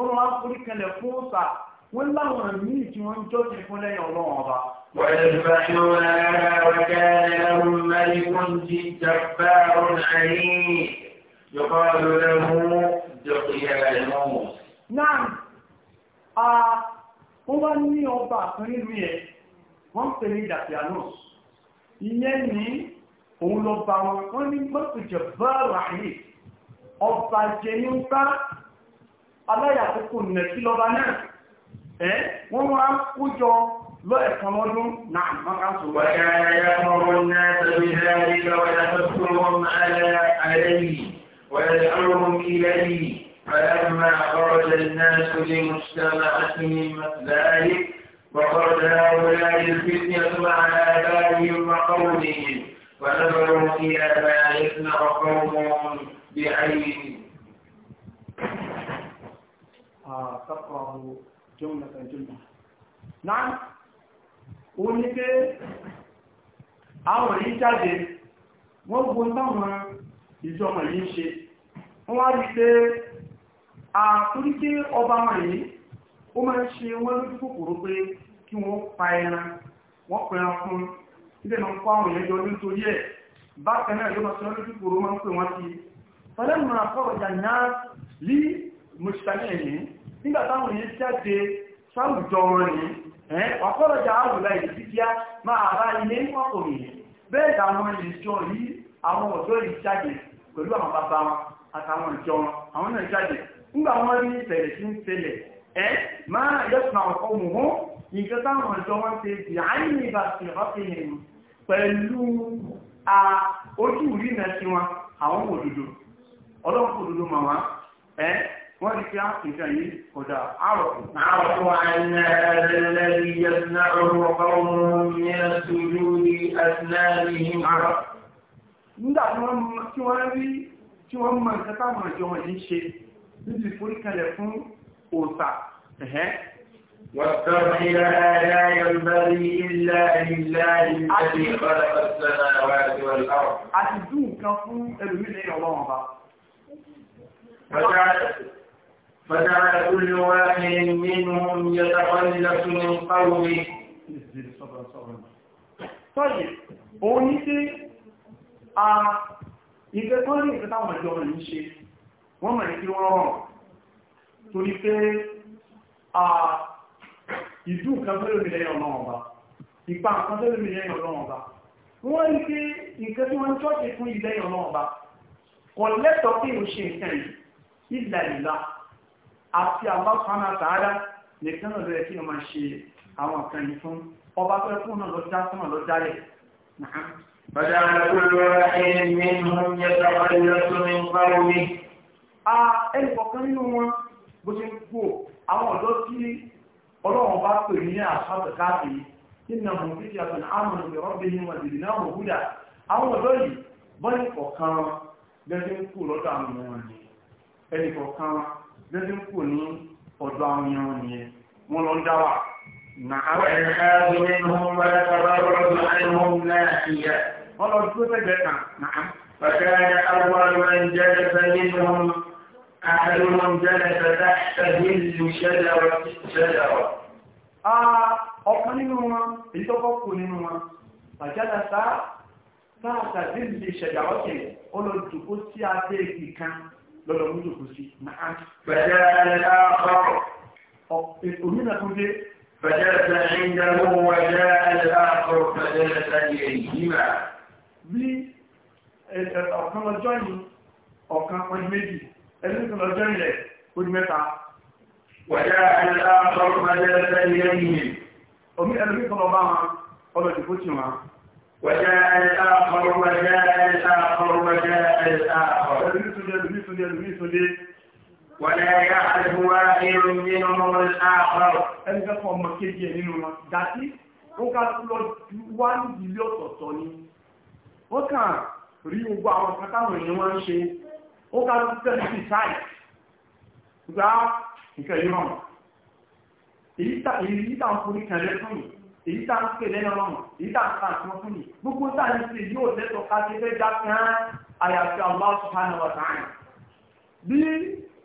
wọ́n máa ń forí kalẹ̀ fún ọ̀sà wọ́n láwọn míì tí wọ́n ń jọ́sìn fún lẹ́yìn ọlọ́run ọba. ويذبحون جبار عنيد يقال له دقيانوس نعم ó bá ní ọba kan nínú ẹ̀ wọ́n pè ní dàpíanus ìyẹn ní òun lọ bá wọn wọ́n ní mọ́tò bọ́ọ̀rọ̀ àyè ọba jẹ́ ní ń bá aláyàkókò nìyẹn kí lọ́ba náà ẹ́ wọ́n wá kó jọ lọ ẹ̀kan lọ́dún náà mọ́ká sọ. فلما خرج الناس لمجتمعتهم ذلك وخرج هؤلاء الفتنة مع آبائهم وقومهم ونظروا في آبائهم وقومهم بعينهم تقرأ جملة جملة نعم òun ní pé àwọn èyí jáde wọ́n gbogbo táwọn ìjọmọ̀ yìí ṣe wọ́n wá rí pé àtúrí pé ọba wọn yìí ó máa ń ṣe wọ́n lójú kòkòrò pé kí wọ́n pa ẹran wọ́n pẹ̀ran fún ilé ma ń kọ́ àwọn èèyàn jọ nítorí ẹ̀ bákan náà ló máa ṣe wọ́n lójú kòkòrò ń pè wọ́n sí fẹ́lẹ́mù àkọ́rọ̀jà náà lí mùsùlùmí nígbà táwọn yìí jáde sáwùjọ wọn ni ọ̀pọ̀lọjà àwùlá ìdíkíá máa bá ilé ọkùnrin bẹ́ẹ̀ làwọn ìjọ yìí àwọn ọ̀dọ́ yìí jáde pẹ̀lú àwọn bàbá wọn àtàwọn ìjọ wọn àwọn náà jáde nígbà wọn rí ìṣẹ̀lẹ̀ sí ń ṣẹlẹ̀ ẹ máa yẹ́sùn àwọn ọmọ wọn nǹkan táwọn ìjọ wọn ṣe di àìní ìbàṣẹ ọ̀fìn والإسلام من جميل هدى عرفوا عن هذا الذي يمنعه قوم من سجود أسنانهم عرف من دعوة شوالي شوال من كتا ما جوه جنشي نجي فوري كالفون أوسا أه. والترحل لا ينبغي إلا لله الذي خلق السماوات والأرض أتدوك كفون الهدى يا الله وجعل فجعل كل واحد منهم يتخلف من قومه طيب òun ní sí a ìgbẹ́ tó ní ìgbẹ́ táwọn ìjọ rẹ̀ ń ṣe wọ́n mẹ́rin kí wọ́n rọrùn torí pé a ìdú nǹkan tó lómi lẹ́yìn ọ̀nà ọ̀bá ìpa nǹkan tó lómi lẹ́yìn ọ̀nà ọ̀bá wọ́n rí pé nǹkan tí wọ́n tọ́jú fún ilẹ̀ ọ̀nà ọ̀bá kọ̀ lẹ́tọ̀ọ́ pé ò ṣe nǹkan yìí ìlà ìlà àti àbáfánà tààdá nìkan náà lọ́yẹ̀ kí wọ́n máa ṣe àwọn ọ̀kan yìí fún ọba tó ẹkùn náà lọ dá sọ́nà lọ dálẹ̀ ẹnìkọ̀kan nínú wọn bó ṣe ń gbò àwọn ọ̀dọ́ tí ọlọ́run ní kọ̀ọ̀kan wọn bẹ́ẹ̀ kú lọ́dọ̀ àwọn ọmọ wọn ẹnìkọ̀ọ̀kan wọn lẹ́sìn kù ní ọ̀dọ̀ àwọn èèyàn nìyẹn wọ́n lọ ń dá wà. Wọ́n lọ dúró أول من جلس منهم أحدهم جلس تحت ظل شجرة شجرة ọ̀kan nínú wọn èyí tó kọ́kù nínú wọn àjálà sáà sáà tàbí ìṣẹ̀dá ọ̀tẹ̀ olóòtú kó sí abẹ́ ìkan lọ́dọ̀ múlò kò sí bẹ̀rẹ̀ aláàkọ́ òmìnà tó dé فجلس عنده وجاء الآخر فجلس إليهما bí ọ̀kan lọ́jọ́ yìí ọ̀kan pẹ̀lú méjì ẹlẹ́sìn lọ́jọ́ ilẹ̀ ó di mẹ́ta wẹ̀jẹ́ ẹlẹ́sìn lọ́jọ́ ilẹ̀ ọmọ ẹlẹ́sìn lọ́bá wọn ọlọ́dìbò tí wọn وجاء الآخر وجاء الآخر وجاء الآخر ولا يعرف واحد منهم الآخر ẹni fẹ́ fọ́ ọmọ kéjì ẹ̀ nínú wọn dàtí ó ká lọ ju wá ní ilé ọ̀tọ̀ọ̀tọ̀ ni wọ́n kàn rí gbogbo àwọn pátáwọn èèyàn wọ́n èyí tá a ń pè lẹ́nu ọ̀run èyí tá à ń ka àtúnwọ́n fún mi gbogbo tá à ń pè yóò lẹ́tọ̀ọ́ ká ṣe fẹ́ dá kan àyàfi Allah subhanahu wa ta'ala bí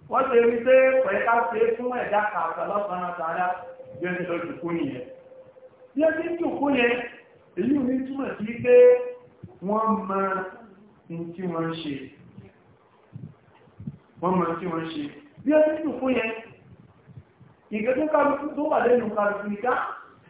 wọ́n ṣe rí pé pẹ̀lú ká ṣe fún ẹ̀dá kan àti Allah subhanahu wa ta'ala bí ẹni lọ jòkó nìyẹn bí ẹni jòkó yẹn èyí ò ní túmọ̀ sí pé wọ́n mọ ní tí wọ́n ń ṣe wọ́n mọ tí wọ́n ń ṣe bí ẹni jòkó yẹn ìgbẹ́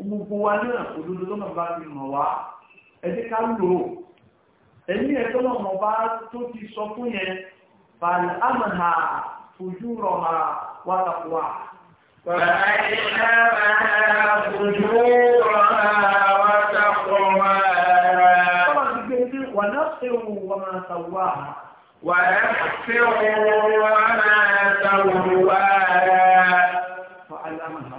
gbogbo wa náà òdodo lọ́nà bá ti mọ̀ wá ẹ jẹ́ ká lò ó ẹ̀mí ẹ̀tọ́ náà mọ̀ bá tó ti sọ fún yẹn bàlẹ̀ àmàhà fojú rọ̀ ha wà lápò وَنَفْسِهُ وَمَا سَوَّاهَا فَأَلْهَمَهَا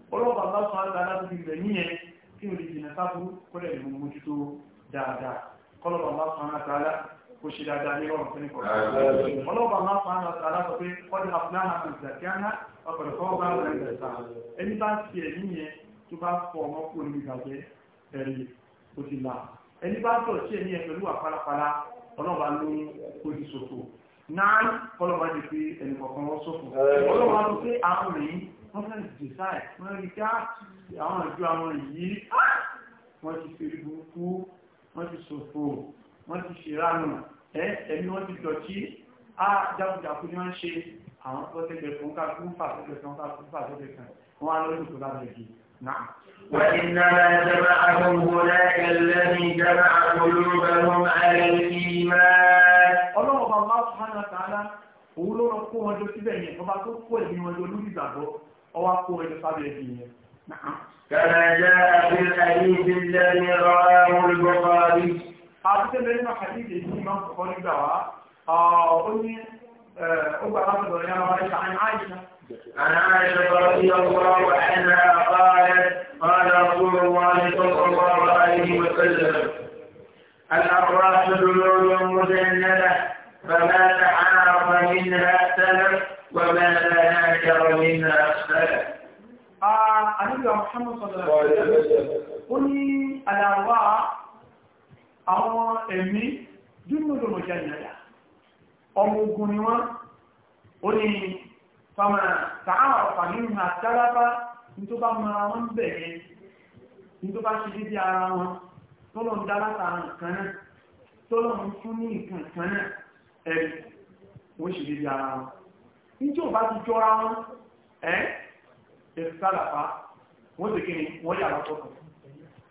ọlọ́pàá bá sọ àgbà láti fi rẹ̀ níyẹn kí o lè jìnà sáfúrú kó lè mú mójútó dáadáa kọlọ́pàá bá sọ àgbà lá kó ṣe dáadáa ní ọ̀rọ̀ fún ìkọ̀ọ́ ọlọ́pàá bá sọ àgbà lá sọ pé kọ́dí afúnáhà kò zàkíánà ọkọ̀rọ̀ fọ́ bá rẹ̀ rẹ̀ sá ẹni bá ti ẹ̀ níyẹn tó bá fọ ọmọ kó ní ìgbàgbẹ́ ẹ̀rí ó ti là ẹni bá tọ̀ sí ẹ̀mí ẹ̀ pẹ̀lú àpárapàrà ọlọ́pàá ló ń kó ti ṣòfò náà kọlọ́pàá di pé ẹnì kọ̀ọ̀kan wọ́n ṣòfò ọlọ́pàá ló pé àwọn rèé wọ́n fẹ́ dìsáì wọ́n rí ká ah, àwọn ìjọ àwọn yìí ah! wọ́n ti fi burúkú wọ́n ti ṣòfò wọ́n ti ṣèrànù ẹni wọ́n ti dọ̀tí á jákujàku ní wọ́n ṣe àwọn tó òun ló rọ kó wọn jọ síbẹ̀ yẹn ọba tó kó ẹ̀mí wọn jọ lórí ìgbàgbọ́ ọwá kó ẹjọ́ كما جاء في الحديث الذي رواه البخاري حديث الذي حديث الإمام البخاري دعا أني أبقى رفض يا رب عن عائشة عن عائشة رضي الله عنها قالت قال رسول الله صلى الله عليه وسلم الأراس دلول مجندة فما تعارف منها سلف وما يرى من أسفل Àníbí Muhammad sallallahu alaihi wasallam, ó ní àdàwà àwọn ẹ̀mí jùmọ̀dọ̀ mọ̀já ìyàyà, ọmọ ogun ni wọ́n, ó ní fàmà tààrà fàmí ìhà tálábá ní tó bá mara wọn bẹ̀rẹ̀ ní tó bá ṣe dédé níjọ́ bá ti jọra wọn ẹ́ ìsàlàpá wọ́n ti kí ni wọ́n yà lọ́tọ̀tọ̀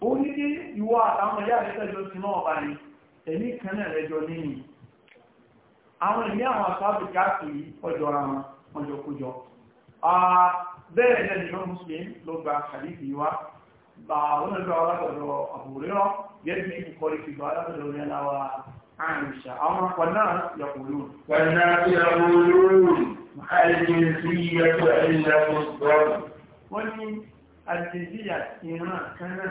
ó ní kí ìwọ àtàwọn ẹ̀yà àrẹ́sẹ̀jọ sí náà bá ní ẹ̀mí kan náà rẹjọ nínú àwọn ẹ̀mí àwọn àtàbí káàkì ọjọ́ra wọn wọ́n jọ kójọ bẹ́ẹ̀ lẹ́nu ìlú muslim ló gba kàlífì wa àwọn ẹgbẹ́ alátọ̀dọ̀ àbúrírọ̀ gẹ́gẹ́ bí kọ́rí fi gba alátọ̀dọ̀ ní aláwa àìsà àwọn ọ̀pọ̀ náà yàkùnlú الجنسية علة الضرب wọ́n ní àjèjìyà ìran kan náà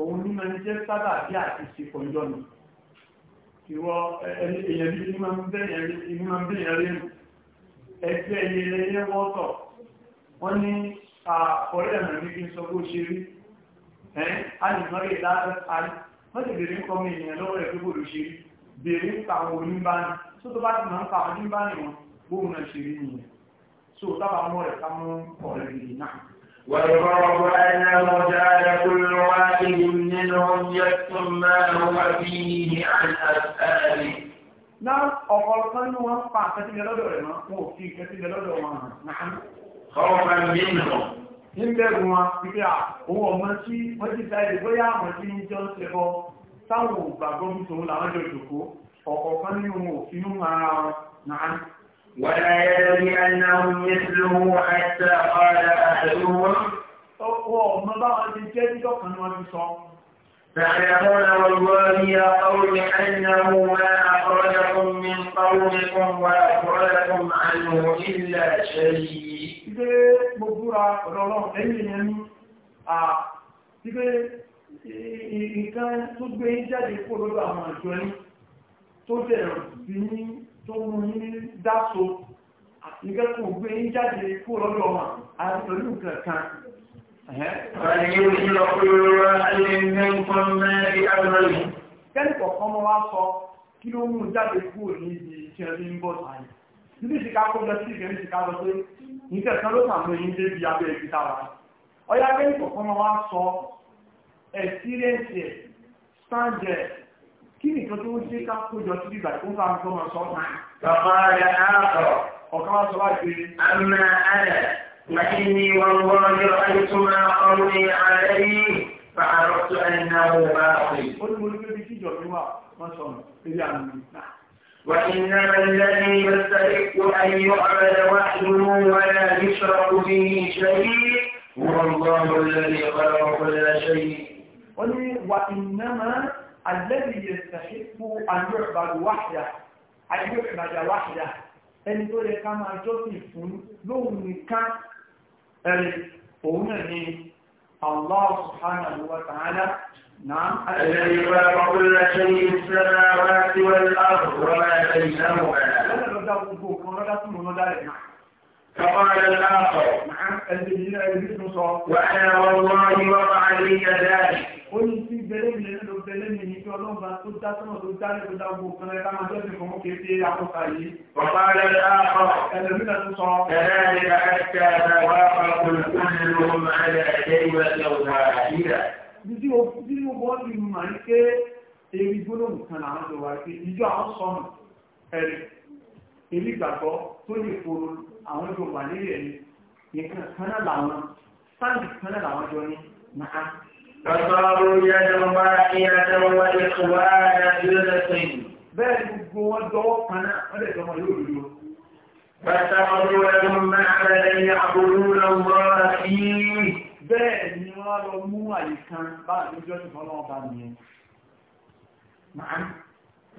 òun ní máa ń jẹ́ sábà bí àti ṣepọ̀ ìjọ nù ìwọ èèyàn bí ní máa ń bẹ̀yàn rí ẹgbẹ́ ẹyẹlẹyẹ wọ́tọ̀ wọ́n ní ọ̀rẹ́ ẹ̀mọ̀ ní kí n sọ bó ṣe rí alìmọ́rẹ̀ láàrín wọ́n ti bèèrè ń kọ́ mi ènìyàn lọ́wọ́ ẹ̀ tó bóun náà ṣe rí nìyẹn so tábà mọ́ rẹ̀ ká mú ọ̀rẹ́ gidi náà. ويضرب أنه جعل كل واحد منهم يكتم ما هو فيه عن أسأله náà ọ̀pọ̀lọpọ̀ nínú wọn pa àkẹsílẹ̀ lọ́dọ̀ rẹ̀ náà wọn ò fi ìkẹsílẹ̀ lọ́dọ̀ wọn hàn náà. ọmọ mi nù. níbẹ̀rù wọn wípé àwọn ọmọ tí wọ́n ti da èdè bóyá àwọn tí ń jọ ń ṣẹbọ táwọn ò gbàgbọ́ bí tòun làwọn jọ jòkó ọ̀pọ̀lọpọ̀ nínú wọn ò fi nínú ara wọn náà. ولا يدري أنهم مثله حتى قال أحدهم فيقول والله يا قوم أنه ما أخرجكم من قومكم وأخرجكم عنه إلا شيء. Ìkan tó gbé jáde kó lọ́dọ̀ àwọn àjọ ní tó bẹ̀rẹ̀ bí ní tó mú ní dáso ìgẹ́kùn gbé ń jáde kú lọ́dọ̀ ọmọ àti pẹ̀lú nǹkan kan Kẹ́lìkọ̀ kan mọ́ wá sọ kí ló mú jáde kúrò ní ibi ìṣẹ́ ní bọ́ sáyé. Níbi ìṣìká kó lọ sí ìgbẹ̀rẹ̀ ìṣìká lọ pé nìkẹ̀ẹ́kan ló sàmú èyí dé bí abẹ́ ìpítà wa. Ọya kẹ́lìkọ̀ kan mọ́ wá sọ ẹ̀sírẹ́ǹsì ẹ̀ kí nìkan tó ń ṣe ká kójọ sí bíbà tó ń bá mi tọ́mọ sọ ọ́nà. Bàbá rẹ̀ á kọ̀. Ọ̀kan wá sọ láti. Àmà àlẹ̀ فإني والله رأيت ما قولي عليه فعرفت أنه باطل. وإنما الذي يستحق أن يعبد وحده ولا يشرك به شيء هو الله الذي خلق كل شيء. وإنما الذي يستحق أن يعبد وحده أن يعبد وحده أن يقول كما ká máa jọ́sìn الله سبحانه وتعالى نعم الذي خلق كل شيء في السماوات والأرض وما بينهما فقال الآخر نعم. وأنا والله وقع لي ذلك ó ní sí bẹ́lẹ́ mi lẹ́nu ló bẹ́lẹ́ mi ní kí ọlọ́ba tó dá sọ́nà tó dálẹ̀ tó dá gbogbo kan ẹ̀ka máa jọ́sìn fún mú kéde akọ́ta yìí. bàbá rẹ̀ àpá ẹlòmínà tó sọ. ẹ̀rẹ́ mi ká ẹ̀ka ẹ̀ka wà á kọlùkù nínú ọmọ ẹ̀rẹ́ ẹ̀jẹ̀ ìwé ẹ̀jẹ̀ ọ̀tà àyíra. bí mo bọ́ ní mà ń ké eri gbólóhùn kan làwọn tó wá sí ìjọ àwọn sọnù ẹ̀rí èmi gbàgbọ́ tó lè foro àwọn tó wà nílẹ̀ yìí nìkan kan náà làwọn sáǹdì kan náà làwọn jọ ní nàá فصاروا يدا واحدة وإخوانا جلس بل جوا دوقنا ولا جوا يولو فاتخذوا لهم معبدا يعبدون الله فيه bẹ́ẹ̀ wọ́n lọ mú àyíkan bá lójú ọ̀sẹ̀ fọ́lọ́ ọba nìyẹn.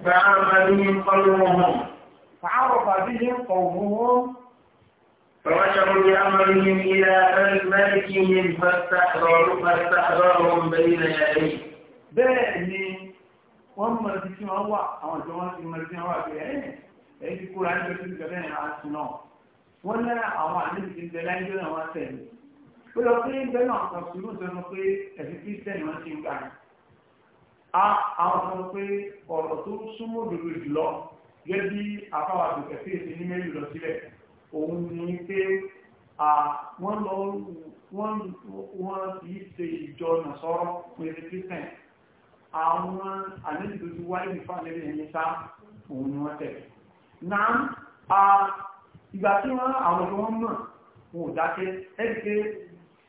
Fàárọ̀ bàbí yín kọ́ lọ́wọ́ wọn. Fàárọ̀ فوجهوا بأمرهم إلى ملكهم فاستحضرهم بين يديه bẹ́ẹ̀ni wọ́n mọ̀ sí kí wọ́n wà àwọn ìjọ wọn ti mọ̀ sí àwọn àgbẹ̀ ẹ̀yìn èyí ti kóra ní ojú ìjọba ẹ̀yìn àti náà wọ́n ná àwọn àlejò ti ń bẹ láyé lọ́nà wọn tẹ̀lé ó lọ pé ń bẹ náà kan sùúrù tó sọ pé ẹ̀sìn kírísítẹ́nì wọn ti ń gbà ní. àwọn sọ pé ọ̀rọ̀ tó súnmọ́ òdòdó jùlọ gẹ́gẹ́ bí afáwàdùn kẹfíìsì ní mẹ́rin lọ sílẹ̀ òun ni pé wọ́n lọ wọ́n kì í ṣe ìjọ nàṣọ́rọ́ pẹ̀lú christian àwọn àlejò tó ti wáyé nípa àlejò ẹ̀yìn sá òun ni wọ́n tẹ̀. náà ìgbà tí wọ́n àwọn ọ̀dọ́ wọn mọ̀ wọn ò dákẹ́ ẹ̀ẹ́dẹ́gbẹ́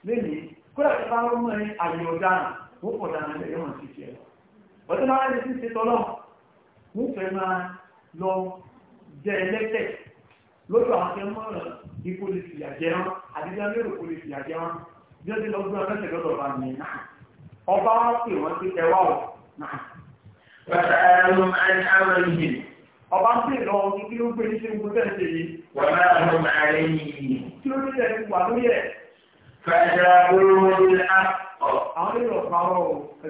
lẹ́nìí kódà tí wọ́n mọ̀ ní àyè ọ̀daràn wọ́n pọ̀ dáná lẹ́yìn wọn ti tiẹ̀ lọ. ṣe tọ́lọ́ wọ́n fẹ́ máa lọ jẹ́ ẹlẹ́tẹ̀ẹ́ lójú àwọn akẹ́ mọ́ràn ní kò lè fìyà jẹ wọn àdídá mẹ́rò kò lè fìyà jẹ wọn bí wọ́n ti lọ gbọ́n mẹ́sẹ̀ lọ́dọ̀ ọba mi náà ọba wọn pè wọ́n sí ẹwà ọ̀ náà. bàtà ẹ̀rọ àti àwọn ìyè. ọba ń pè lọ kí kí ló gbé ní ṣe ń gbọ́dọ̀ yìí. wọ́n máa ń mọ ààrẹ yìí. kí ló dé tẹ̀lé wà lórí ẹ̀. fàjà olórí àpọ̀. àwọn èrò ọ̀pọ̀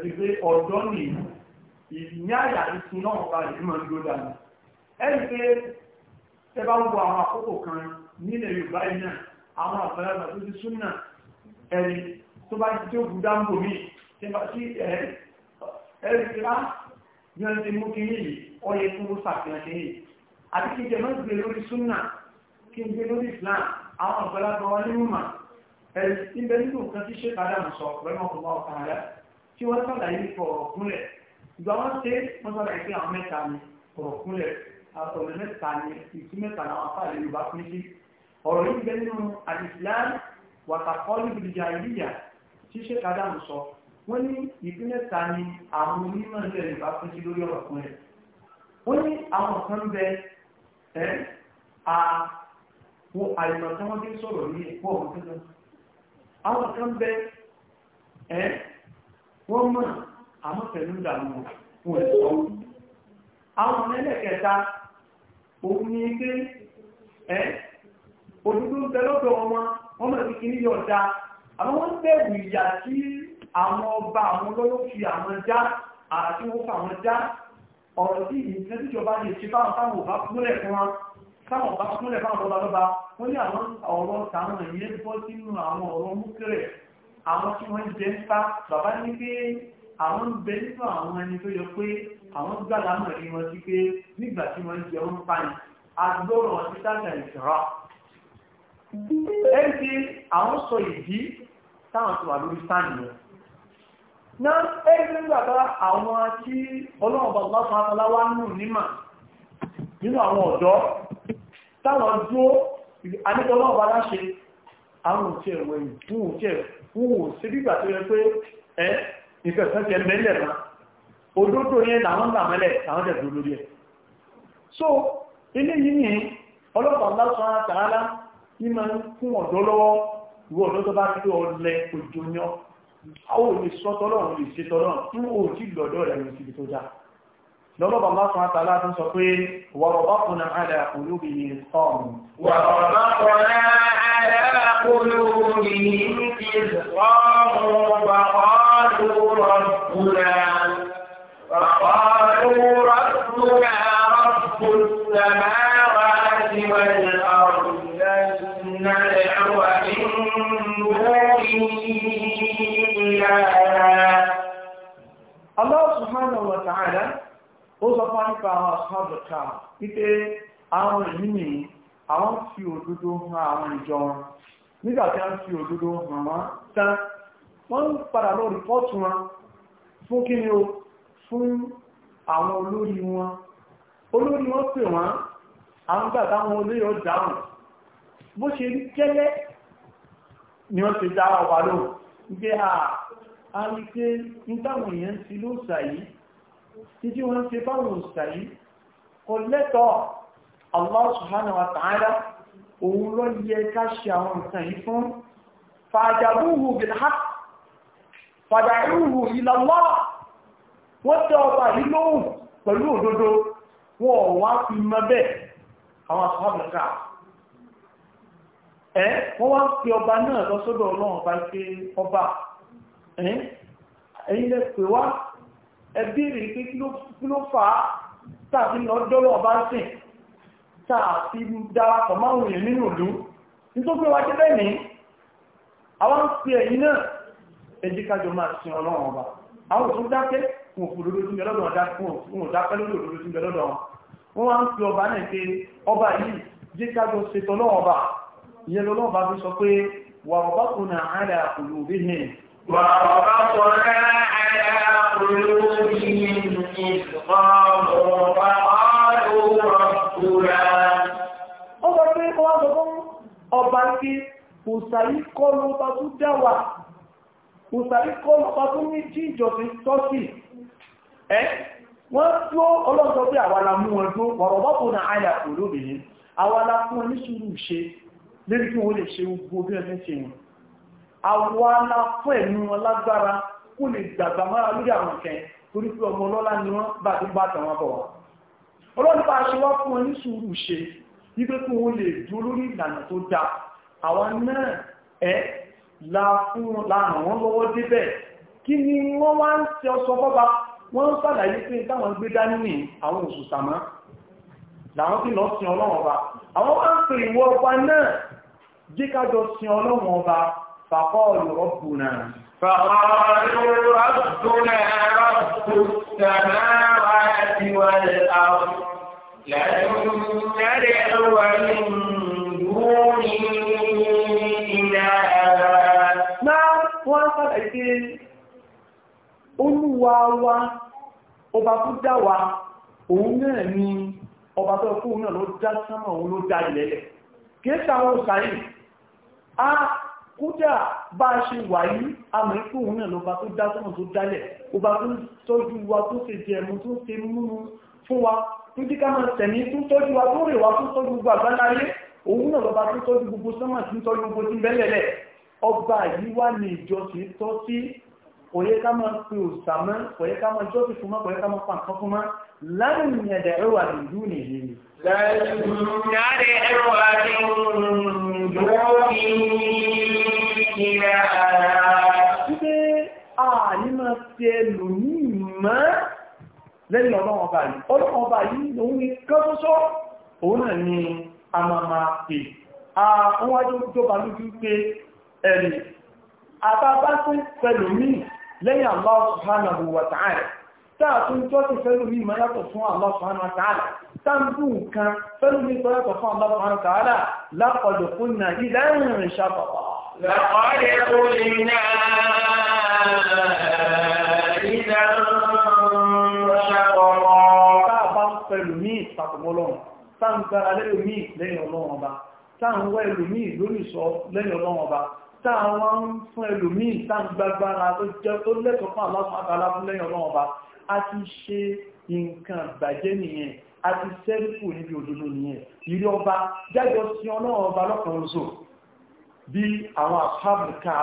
ẹ̀sìn tẹ́ bá ń bọ àwọn àkókò kan nílẹ̀ Yorùbá yìí náà àwọn àgbàlagbà tó ti súnà ẹni tó bá ti tó gùdá ń bò mí tẹ́ bá sí ẹ̀rí kíra ní wọ́n ti mú kí yìí ọyẹ tó ń sàfihàn kí yìí àti kí n jẹ mọ́ gbé lórí súnà kí n gbé lórí Islam àwọn àgbàlagbà wọn ní mùmà ẹ̀rí ibẹ̀ nínú nǹkan tí ṣe padà sọ pẹ̀lú ọkùnrin ọkàn rẹ̀ tí wọ́n sàlàyé ọ̀rọ̀ kúnlẹ̀ ìgbà ọ̀rọ̀ mẹ́ta ni ìtú mẹ́ta làwọn afáàlì yorùbá pín sí ọ̀rọ̀ yìí bẹ nínú alislam wàtàkọ́lù gbìdìjà ìlíyà tí ṣe kádàmù sọ wọ́n ní ìtú mẹ́ta ni àwọn onímọ̀ ilẹ̀ yorùbá pín sí lórí ọ̀rọ̀ fún ẹ̀ wọ́n ní àwọn kan bẹ ẹ́ a wo àìmọ̀ tí wọ́n dé sọ̀rọ̀ ní ẹ̀kọ́ ọ̀hún tuntun àwọn kan bẹ ẹ́ wọ́n mọ̀ àmọ́ òun ní pé ẹ́ òdúdó ń bẹ lọ́dọ̀ wọn wọ́n mọ̀ sí kìíní yọ̀ da àwọn wọ́n ìyà àwọn ọba àwọn olówó fi àwọn já àti wọ́n fa àwọn já ọ̀rọ̀ sí ọba múlẹ̀ fún wa táwọn ọba múlẹ̀ fáwọn ọ̀rọ̀ àwọn gbàgbà mọ̀ ní wọn sí pé nígbà tí wọ́n jẹ ń pani agbóhùn wọn títà tẹ̀lé ìṣòro. ẹni tí àwọn sọ ìdí táwọn ti wà lórí sáàni yẹn. na ẹni tí nígbà tó àwọn tí ọlọ́run bàbá lọ́sùn afọlá wà nù nímà nínú àwọn ọ̀dọ́ táwọn dúró àníkọ́ ọlọ́run bàbá láṣẹ àwọn òtí ẹ̀wẹ̀ ìdún òtí ẹ̀ fún òsì nígbà tó yẹ pé ẹ ìfẹ̀sẹ̀ ti mẹ́lẹ̀ náà òdòdó yẹn làwọn gbà mẹ́lẹ̀ àwọn jẹ̀ dúró lórí ẹ̀ so ilé yìí ni ọlọ́pàá lásán àtàrà ní ma ń fún ọ̀dọ́ lọ́wọ́ ìwọ ọ̀dọ́ tó bá tó ọlẹ òjò yan àwọn olè sọ tọ́lọ́run lè ṣe tọ́lọ́run tí ó jí lọ́dọ̀ rẹ̀ lọ síbi tó já lọ́lọ́pàá lásán àtàrà tó sọ pé wàrọ̀bá fún àdà olóbi ní ọ̀run wàrọ̀bá fún àdà olóbi ní ìfọ̀rùn wàrọ̀bá fún àdà فقالوا ربنا رب السماوات والأرض لن ندعو من دونه إلها الله سبحانه وتعالى ó sọ fún nípa àwọn ọ̀sánbọ̀ká wípé àwọn ìlú ni àwọn fi òdodo hàn àwọn ìjọ fún àwọn olórí wọn olórí wọn pè wọ́n àwọn gbà táwọn olórí ó dáhùn bó ṣe rí kẹ́lẹ́ ni wọ́n ti dá ọba lóhùn gbé à á rí pé ní táwọn èèyàn ti ló sàyí títí wọ́n ṣe báwọn sàyí kò lẹ́tọ̀ọ́ Allah subhanahu wa ta'ala òun ló yẹ ká ṣe àwọn nǹkan yìí Allah wọ́n tẹ́ ọba yìí lóhùn pẹ̀lú òdodo wọn ò wá fi mọ bẹ́ẹ̀ àwọn àfọ́bùkà ẹ́ wọ́n wá pe ọba náà lọ sọ́dọ̀ ọlọ́run ọba ṣe ọba ẹ̀yìn lẹ pè wá ẹbí rèé pé kí ló fà á tàbí lọ dọ́lọ́ ọba sìn tàbí darapọ̀ máwùn èèyàn nínú ìlú nítorí wá jẹ́ bẹ́ẹ̀ ní àwọn ń pe ẹ̀yìn náà ẹjíkájọ máa sin ọlọ́run ọba àwọn òtún dákẹ́ fún òkúròdó tí mẹ́lọ́dọ̀ ọ̀dá fún òdá pẹ́lú òdòdó tí mẹ́lọ́dọ̀ wọn wá ń fi ọba náà pé ọba yìí jẹ́ kájọ ṣetọ́ lọ́ọ̀bà ìyẹn lọ́ọ̀bà fi sọ pé wà ọba kò náà àrẹ àkùlù òbí hìn wà ọba kò náà àrẹ àkùlù òbí hìn ní jíjọ ẹ́ wọ́n tí ó ọlọ́sọ pé àwa la mú wọn tó ọ̀rọ̀ bọ́pù náà àyà kò lóbìnrin àwa la fún wọn ní sùúrù ṣe lórí kí wọ́n lè ṣe gbogbo bí ẹ̀fẹ́ ṣe wọn àwa fún ẹ̀mí wọn lágbára lè gbàgbà mára lórí àwọn kẹ torí pé ọmọ ọlọ́lá ni wọ́n bá ti bá tàwọn la fún wọn la ràn wọ́n lọ́wọ́ débẹ̀ wọ́n ń sàlàyé pé táwọn gbé dání ní àwọn òṣùsàmá làwọn tí lọ sin ọlọ́run ọba àwọn wá ń pè ìwọ ọba náà jẹ́ kájọ sin ọlọ́run ọba fàkọ́ọ̀lù rọ́bùnà fàkọ́ọ̀lù rọ́bùnà rọ́bùnà láti wọlé àwọn lẹ́yìn mẹ́rin wà ní ìlú ní ilẹ̀ ẹ̀rọ olúwa wa ọba tó dá wa òun náà ni ọba tó kú náà ló dá sánmà òun ló dá ilẹ̀lẹ̀ kéèkà àwọn òsàyìn a kódà bá a ṣe wà yí amẹ́kù òun náà lọba tó dá sánmà tó dálẹ̀ ọba tó tọ́jú wa tó ṣe jẹmu tó ṣe múnu fún wa tó díká máa tẹ̀mí tó tọ́jú wa tó rẹ̀ wa tó tọ́jú gbogbo àgbáláyé òun náà lọba tó tọ́jú gbogbo sánmà tó tọ́jú gbogbo tí bẹ́lẹ̀lẹ̀ ọba yìí wá ní ìjọsìn kò yẹ ká máa fi òòsà mọ́ kò yẹ ká máa jọ́sìn fún mọ́ kò yẹ ká máa pa fún mọ́ láàrin ẹ̀dẹ̀ ẹ̀wà ní ìlú nìyí ni. láàrin ẹ̀wà ní ìlú ìlà ara. wípé a ní máa fi ẹlòmíì mọ́ lẹ́yìn ọlọ́wọ́n ọba yìí ọlọ́wọ́n ọba yìí ní ni a máa máa pè. àwọn wájú tó bá lójú pé ẹ̀rì àbábá tó pẹ̀lú míì lẹ́yìn Allah subhanahu wa ta'ala táàtún tó ti fẹ́lú ní ìmọ̀yàtọ̀ fún Allah subhanahu wa ta'ala táàbù nǹkan fẹ́lú ní ìmọ̀yàtọ̀ fún Allah subhanahu wa ta'ala laqad kunna idhan shatata. laqad kunna idhan shatata. táàbà ń pẹ̀lú ní ìpàtàmọ́lọ́run táàbù gbára lẹ́yìn táwọn ń fún ẹlòmíì táǹgbàgbára tó jẹ́ tó lẹ́tọ̀ọ́ fún aláàtàlá fún lẹ́yìn ọlọ́run ọba a ti ṣe nǹkan bàjẹ́ nìyẹn a ti sẹ́ríkù níbi òdodo nìyẹn ìrí ọba jájọ sí ọlọ́run ọba lọ́kàn oṣù bí àwọn àfáàbùkà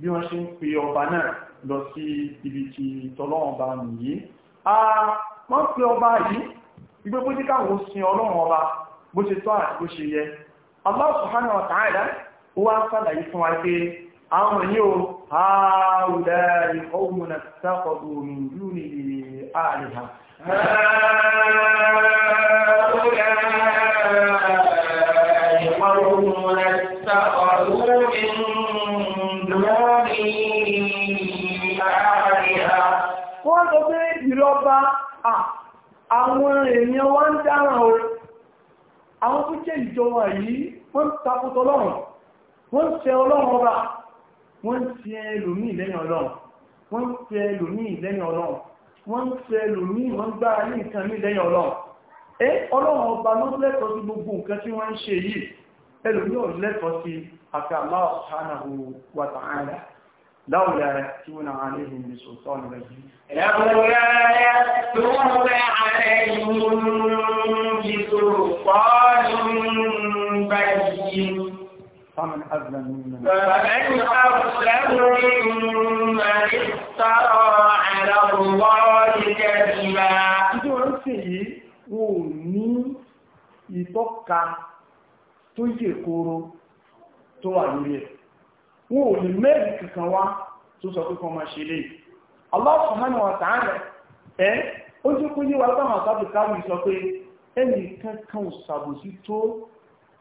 bí wọ́n ṣe ń pe ọba náà lọ sí ibi tí tọ́lọ́run ọba nìyí wọ́n pe ọba yìí ìgbé bó ti káwọn sin ọlọ́run ọba bó ṣe tọ́ àti bó ṣe yẹ Allah subhanahu wa ta'ala ó wá sàlàyé fún wa pé àwọn ní o ààrùdá ìkọ́wùn náà sáfọ̀dù òmìnirú ní àríhà Wọ́n sọ pé ìrọba àwọn èèyàn wá ń dáràn o, àwọn tó jẹ́ ìjọba yìí wọ́n takótọ́ lọ́rùn. wọ́n ṣe ọlọ́run ọba wọ́n ṣe ẹlòmíì lẹ́yìn ọlọ́run wọ́n ṣe ẹlòmíì lẹ́yìn ọlọ́run wọ́n ṣe ẹlòmíì wọ́n gbá ní nǹkan mí lẹ́yìn ọlọ́run ẹ ọlọ́run ọba ló lẹ́tọ̀ọ́ sí gbogbo nǹkan tí wọ́n ń ṣe yìí ẹlòmíì ò lẹ́tọ̀ọ́ sí àti Allah subhanahu wa ta'ala لولا يأتون عليهم بسلطان بجيء لولا يأتون عليهم بسلطان بجيء فمن أظلم ممن افترى على الله كذبا ìjọ ń ṣe yìí wọn ò ní ìtọ́ka tó yẹ kóró tó wà lórí ẹ̀ wọn ò ní mẹ́rin kankan wá tó sọ pé kan máa ṣe lè Allah subhanahu wa ta'ala ẹ́ ó jẹ́ kó yíwa báwọn sábùkárù sọ pé ẹnì kankan ò ṣàbòsí tó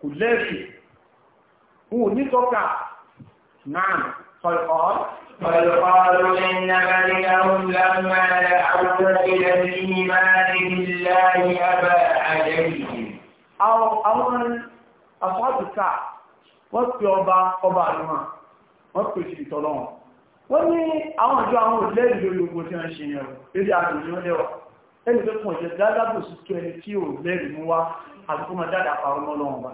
kò lẹ́rì wọn ò ní tọ́ka náà فالقال فالقالوا إن بينهم لما دعوا إلى الإيمان بالله أبى عليهم أو أولا أصحاب الكعب wọ́n pe ọba ọba àdúmà wọ́n pe sí ìtọ́lọ́wọ̀n wọ́n ní àwọn ìjọ àwọn òlẹ́rì lórí ogun tí wọ́n ṣe yẹn lórí àtòjú lẹ́wà ẹni tó kùn ọ̀jẹ̀ dáadáa bò sí tó ẹni tí ò lẹ́rì mú wá àdúgbò máa dáadáa bá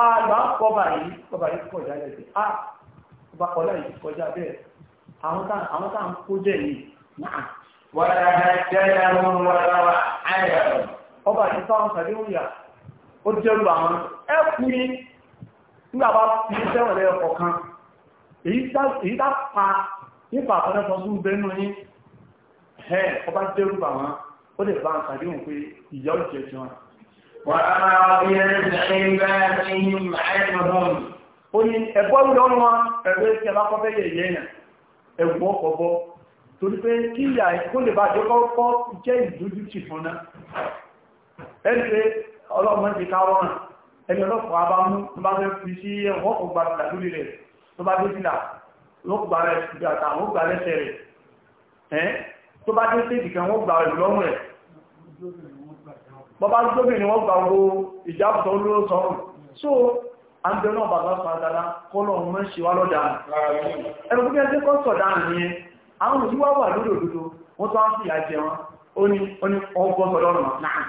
àgbà kọba yìí kọba yìí kọjá lẹ́sẹ̀ à kọlá yìí kọjá bẹ́ẹ̀ àwọn tá à ń kó jẹ́ yìí náà. wàrà àjẹyà wọn wàrà ọba yìí sàdé wọn yà ó dẹrù àwọn ẹ kú yín nígbà bá fi sẹ́wọ̀n èyí tá pa nípa fún yín ọba àwọn ó lè bá ìyá ò وأمر بعبادهم عنهم ó ní ẹ̀bọ́ ìlọ́ wọn ẹ̀rọ ìṣẹ́ alákọ́fẹ́ yẹ yẹ yẹn ẹ̀wọ́ ọ̀bọ̀ torí pé kí ìyà kó lè bá jẹ́ kọ́kọ́ jẹ́ ìdójú tì fún náà ẹni pé ọlọ́mọ ti káwọ́ náà ẹni ọlọ́pàá bá mú bá fẹ́ fi sí ẹ̀wọ́n kò gba ìgbà lórí rẹ̀ tó bá dé bàbá gbóbi ni wọ́n gba owó ìjábùtọ̀ olóró sọ́rùn so àǹdẹ̀ náà bàbá sàdádá kọ́lọ̀ mọ́ ṣe wá lọ́dà ẹnu bí ẹgbẹ́ kọ́ sọ̀dá nìyẹn àwọn òjú wá wà lórí òdodo wọ́n tó á fi ìyà jẹ wọn ó ní ọgbọ́n sọ̀dọ̀ ọ̀nà náà.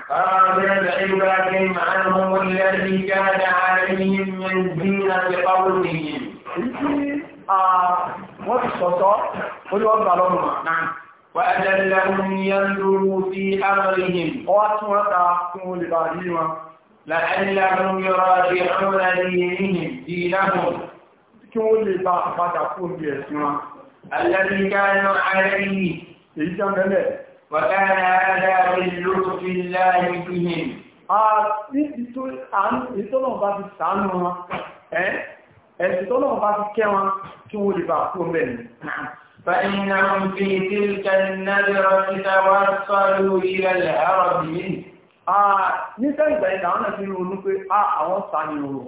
ti sọ̀tọ̀ ó ní náà. وأجلهم ينظروا في أمرهم قوة تعقوا لبعضهم لعلهم يراجعون دينهم دينهم كل بعض تعقوا باسمه الذي كانوا عليه وكان هذا من لطف الله بهم ìtọ́lọ́wọ́ bá ti sàánú wọn ẹ́ ẹ̀sìtọ́lọ́wọ́ bá ti kẹ́ wọn kí wọ́n lè bá kó mẹ́rin فإنهم في تلك النذرة توصلوا إلى الهرب منه آه نسان بأي دعنا في نونك آه أول ثاني نونك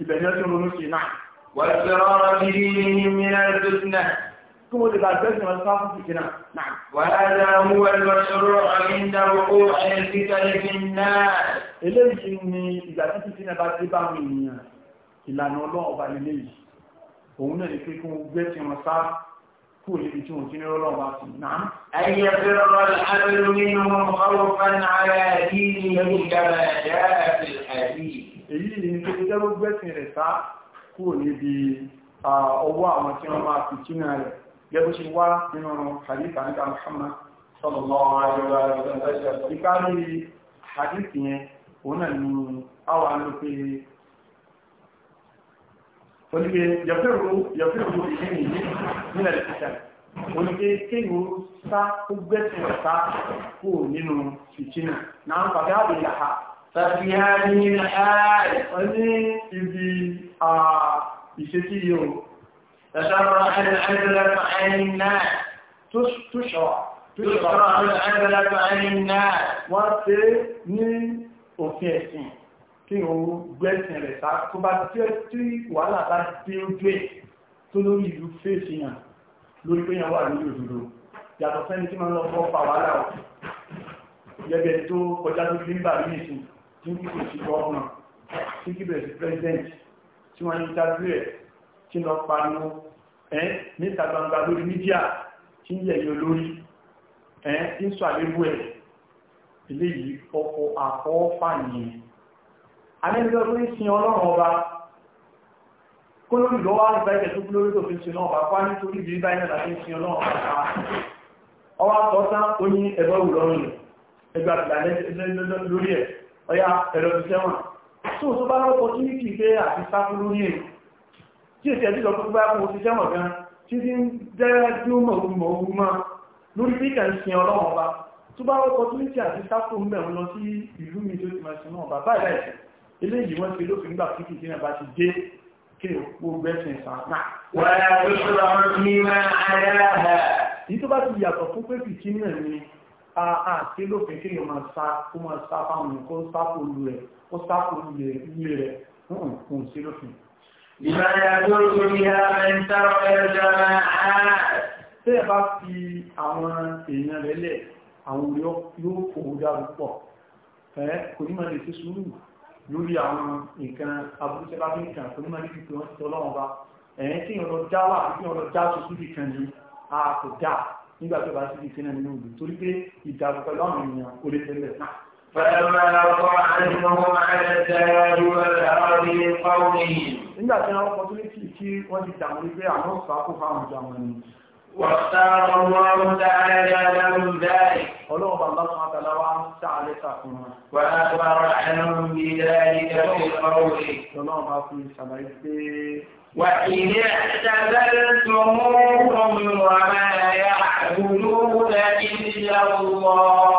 تبني في نعم والفرار بدينهم من الفتنة كم اللي بعد بيتنا في كنا نعم وهذا هو المشروع عند وقوع الفتن في الناس إليش إني إذا كنت فينا بعد إبامي إلا نولو أو بعد إليش هنا يكون بيتنا والصافة kú níbi tí wọ́n ti ní rọ́lọ́ wa sí náà. ayé fẹ́rọ aláàrú nínú ọ̀rọ̀fán ara yìí ní ìjọba ìjọba àti èyí ni tó ti jẹ́rú gbẹ́sìn rẹ̀ sá kú níbi ọwọ́ àwọn tí wọ́n máa fi túnà rẹ̀ gẹ́gẹ́ ṣe wá nínú hadith àníkà Muhammad sallallahu alaihi wa sallam ìkárí hadith yẹn òun náà ni àwọn alópe Onígbé yọ̀fẹ́ òru yọ̀fẹ́ òru ìdí nìyí nílẹ̀ ìfẹ́sẹ̀ oníke kéwò sá ó gbẹ́sẹ̀ sá kó nínú fìtínà náà pàdé àbìlà ha tàbíyá ní ààrẹ wọ́n ní ibi ìṣẹ́tí yóò tàṣàrọ̀ ẹ̀rẹ́lẹ́fà ẹ̀yìn náà túṣọ̀ túṣọ̀ ẹ̀rẹ́lẹ́fà ẹ̀yìn náà wọ́n ṣe ní òfin ẹ̀sìn kí o gbẹ́sẹ̀ rẹ̀ sá tó bá tí wàhálà bá dé ojú ẹ̀ tó lórí ìlú fèsì yàn lórí pé yàn wà ní òdòdó yàtọ̀ sẹ́ni tí máa lọ fọ́ pàwàlà ọ̀ gẹ́gẹ́ tó kọjá tó fi ń bà ní ìsìn tí ń kò sí gọ́ọ̀nà tí kí bẹ̀rẹ̀ sí president tí wọ́n ń tábí ẹ̀ tí lọ panu ẹ́ níta gbangba lórí mídíà tí ń yẹ̀yọ lórí ẹ́ tí ń sọ àlébù ẹ̀ eléyìí ọkọ̀ àkọ́ọ́fà nìyẹn alẹ́gbẹ́ tó ń sin ọlọ́run ọba kó lórí lọ́wọ́ àgbà ìjẹ̀ tó lórí tó fi ṣe náà bàbá nítorí bí báyìí náà láti ṣe ọlọ́run bàbá ọwọ́ àtọ́sá ó ní ẹ̀bọ́ ìrọ̀rùn ẹgbà lórí ẹ̀ ọya ẹ̀rọ ti sẹ́wọ̀n tó tó bá lọ́pọ̀ tí ní kìí pé àti sáfú lórí ẹ̀ tí èsì ẹ̀dí lọ tó bá kún ti sẹ́wọ̀n gan tí ti àti sáfú ń bẹ̀rún lọ sí ìlú mi tó ti máa sin náà bàbá ìlà ìsìn eléyìí wọ́n ti lófin nígbà tí kìí kí gbogbo ẹ̀sìn ìsànà. wàrà ìṣòro ní máa aláha. èyí tó bá ti yàtọ̀ fún pé kìkí náà ni a ṣe lófin kí ni máa sá kó máa sá fáwọn kó sá kó lu rẹ̀ kó sá kó lu ilé rẹ̀ fún òun ṣe lófin. ìmọ̀ ìyàtọ̀ lórí ààrẹ ń tọrọ ẹ̀jọ̀ náà. tẹ́ ẹ bá fi àwọn èèyàn rẹ̀ lẹ̀ àwọn lórí àwọn nǹkan abúrúṣẹ́ nǹkan tó nímọ̀ níbi tí wọ́n tọ́lọ́wọ́n bá ẹ̀yìn tí ìrọ̀lọ́ já wà àti ìrọ̀lọ́ já tó síbi kan ní a kò dá nígbà tó bá síbi nínú ìlú torí pé ìdàgbà pẹ̀lú ènìyàn kò lè tẹ́lẹ̀ náà. فلما رفع kọ́ tó lè kí wọ́n ti dàmú واختار الله تعالى لهم ذلك قلوب الله سبحانه وتعالى وعن تعليقكم وأخبر عنهم بذلك في قوله قلوب في سمعته وإن اعتزلتموهم وما يعبدون إلا الله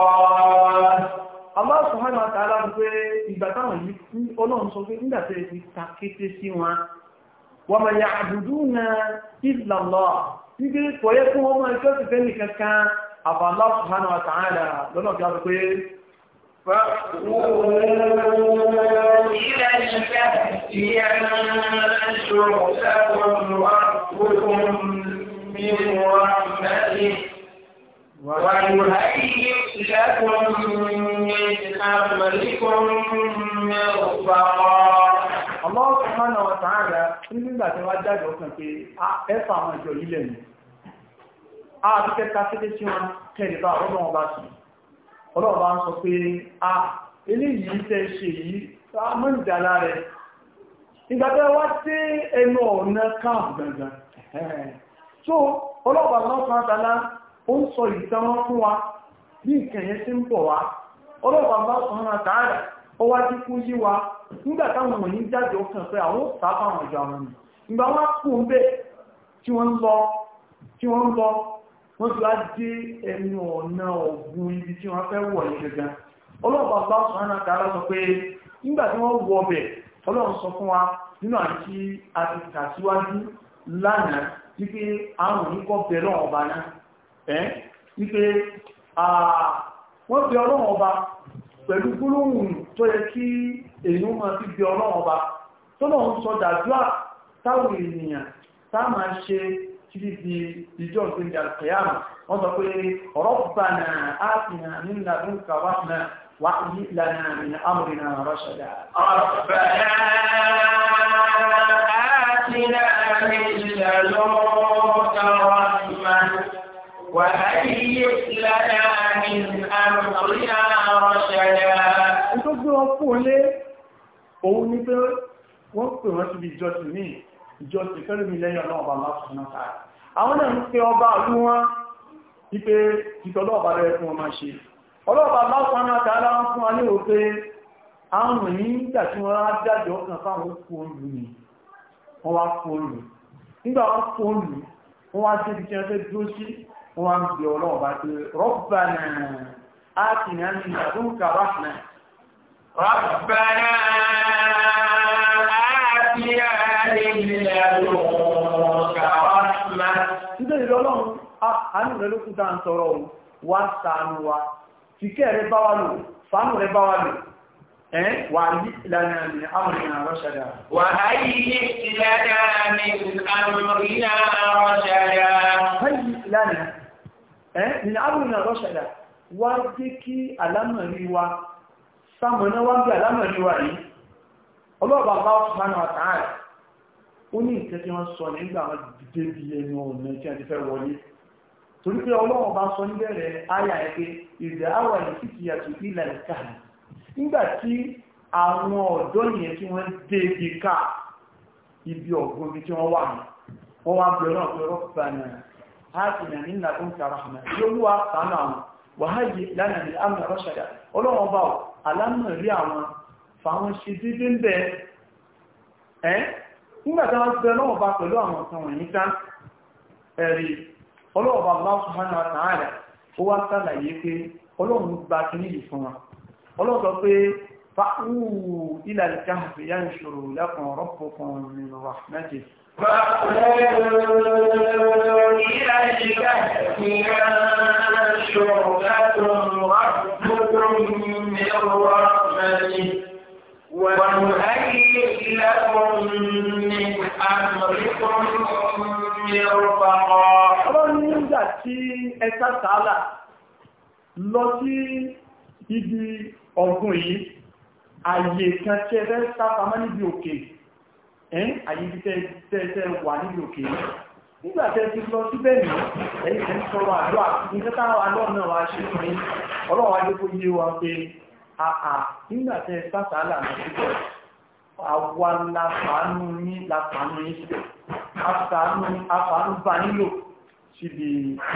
Allah subhanahu wa ta'ala ń pé ìgbà táwọn yìí tí ọlọ́run sọ pé nígbàtẹ́ nígbé kọ̀yẹ́ fún ọmọ ẹjọ́ ti fẹ́ ní kankan àbàlá ṣùgbọ́n lọ́nà bí a وَيُهَيِّئْ لَكُم مِّنْ أَمْرِكُم مِّرْفَقًا Allah subhanahu wa ta'ala nígbà tí wọ́n jáde ọkàn pé ẹfà àwọn ìjọ yìí lẹ́nu àbíkẹ́ káfílé tí wọ́n kẹ́lẹ̀ bá ọlọ́run bá sùn ọlọ́run bá ń sọ pé a eléyìí tẹ́ ṣe yìí mọ́ ìdàlá rẹ̀ ìgbàtẹ́ wá sí ẹnu ọ̀nà káàkù gangan so ọlọ́ọ̀bà lọ́sàn-án ó ń sọ ìtẹ́wọ́n fún wa bí ìkẹ̀yẹ sí ó wá kú yí wa nígbà táwọn wọ̀nyí jáde ọkàn pé àwọn sábà wọn jọ àwọn nì ìgbà wọn kú ń bẹ tí wọ́n lọ wọ́n ń wá dé ẹnu ọ̀nà ọ̀gbun ibi tí wọ́n fẹ́ wọ̀ ní gangan ọlọ́pàá wọ́n wọ ọbẹ̀ ọba pẹ̀lú gbólóhùn tó yẹ kí èèyàn máa fi bí ọlọ́run ọba tó náà ń sọ dàdúrà táwọn ènìyàn tá máa ṣe títí di ìjọ ìgbìyànjú àlùkìyàmù wọ́n sọ pé rabbana atina min ladunka rahma wa hayyi lana min amrina rashada. rabbana atina min ladunka rahma. وهيئ لنا من أمرنا رشدا nítorí pé wọ́n fún olé òun ní pé wọ́n pè wọ́n síbi ìjọsìn ní ìjọsìn fẹ́lú mi lẹ́yìn ọ̀nà ọba máa ṣùgbọ́n táà àwọn náà ń pè ọba ìlú wọn wípé títọ́lọ́ ọba rẹ̀ fún ṣe ọlọ́ọ̀bá bá fún wa wọ́n ń bí ọlọ́wọ́ bá pé rọ́bànà áàtìnà ní ìdàdúnkà ráfnà rọ́bànà áàtìnà ní ìdàdúnkà ráfnà nítorí ọlọ́run àánú rẹ̀ ló kú bá wà lò fàánú wà lò وعلي لنا من أمرنا رشدا وهيئ لنا من أمرنا رشدا هيئ لنا ní àbúrùn àrọ́ṣẹ̀dà wá jẹ́ kí alámọ̀ríwá sámọ̀ná wá bí alámọ̀ríwá yìí ọlọ́ọ̀bà bá ọ̀sán àtàrà ó ní ìtẹ́ tí wọ́n sọ nígbà wọn dìde bí ẹnu ọ̀nà tí a ti fẹ́ wọlé torí pé ọlọ́wọ́n bá sọ níbẹ̀rẹ̀ ayà ẹ̀ pé ìdẹ̀ ẹ̀ sì ti yàtọ̀ ìka nígbà tí àwọn ọ̀dọ́ yẹn tí wọ́n dé ibi ká ibi ọ̀gbọ́n hàtìnà nínú àkóńtà rahama yóò sánú àwọn wàháyé lánàá ní àmì rọ́ṣàdá ọlọ́wọ́n bá alámọ̀ rí àwọn fàwọn ṣe dídí ń bẹ ẹ́ nígbàtà wọ́n ti ọlọ́wọ́ bá pẹ̀lú àwọn ọ̀tàn wọ̀nyí tán ẹ̀rí ọlọ́wọ́ bá bá ṣùgbọ́n àtàrà ó wá sàlàyé pé ọlọ́run gba kíní yìí fún wa ọlọ́sọ pé fa'úù ilal kahfi yanshuru lakum rabbukum min rahmatihi ẹta sàálà lọ sí ibi ọ̀gùn yìí àyè kan tí ẹ fẹ́ sápamọ́ níbi òkè yìí àyíkí tẹ́ẹ̀tẹ́ wà níbi òkè nígbà tẹ́ lọ síbẹ̀ ní ẹ̀yìn tẹ́ ń sọ̀rọ̀ àdúrà nígbà táwọn àdúrà náà wá ṣe fún yín ọlọ́wọ́ yé wa pé àà nígbà sásàálà náà síbẹ̀ àwa ní láfàánú yín síbẹ̀ àfàánú bá nílò síbi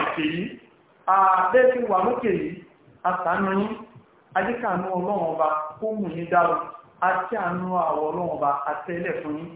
òkè yìí wà lókè yìí àfàánú yín ọlọ́wọ́n ọba kó mú yín àti àánú àwọ̀ ọlọ́wọ́n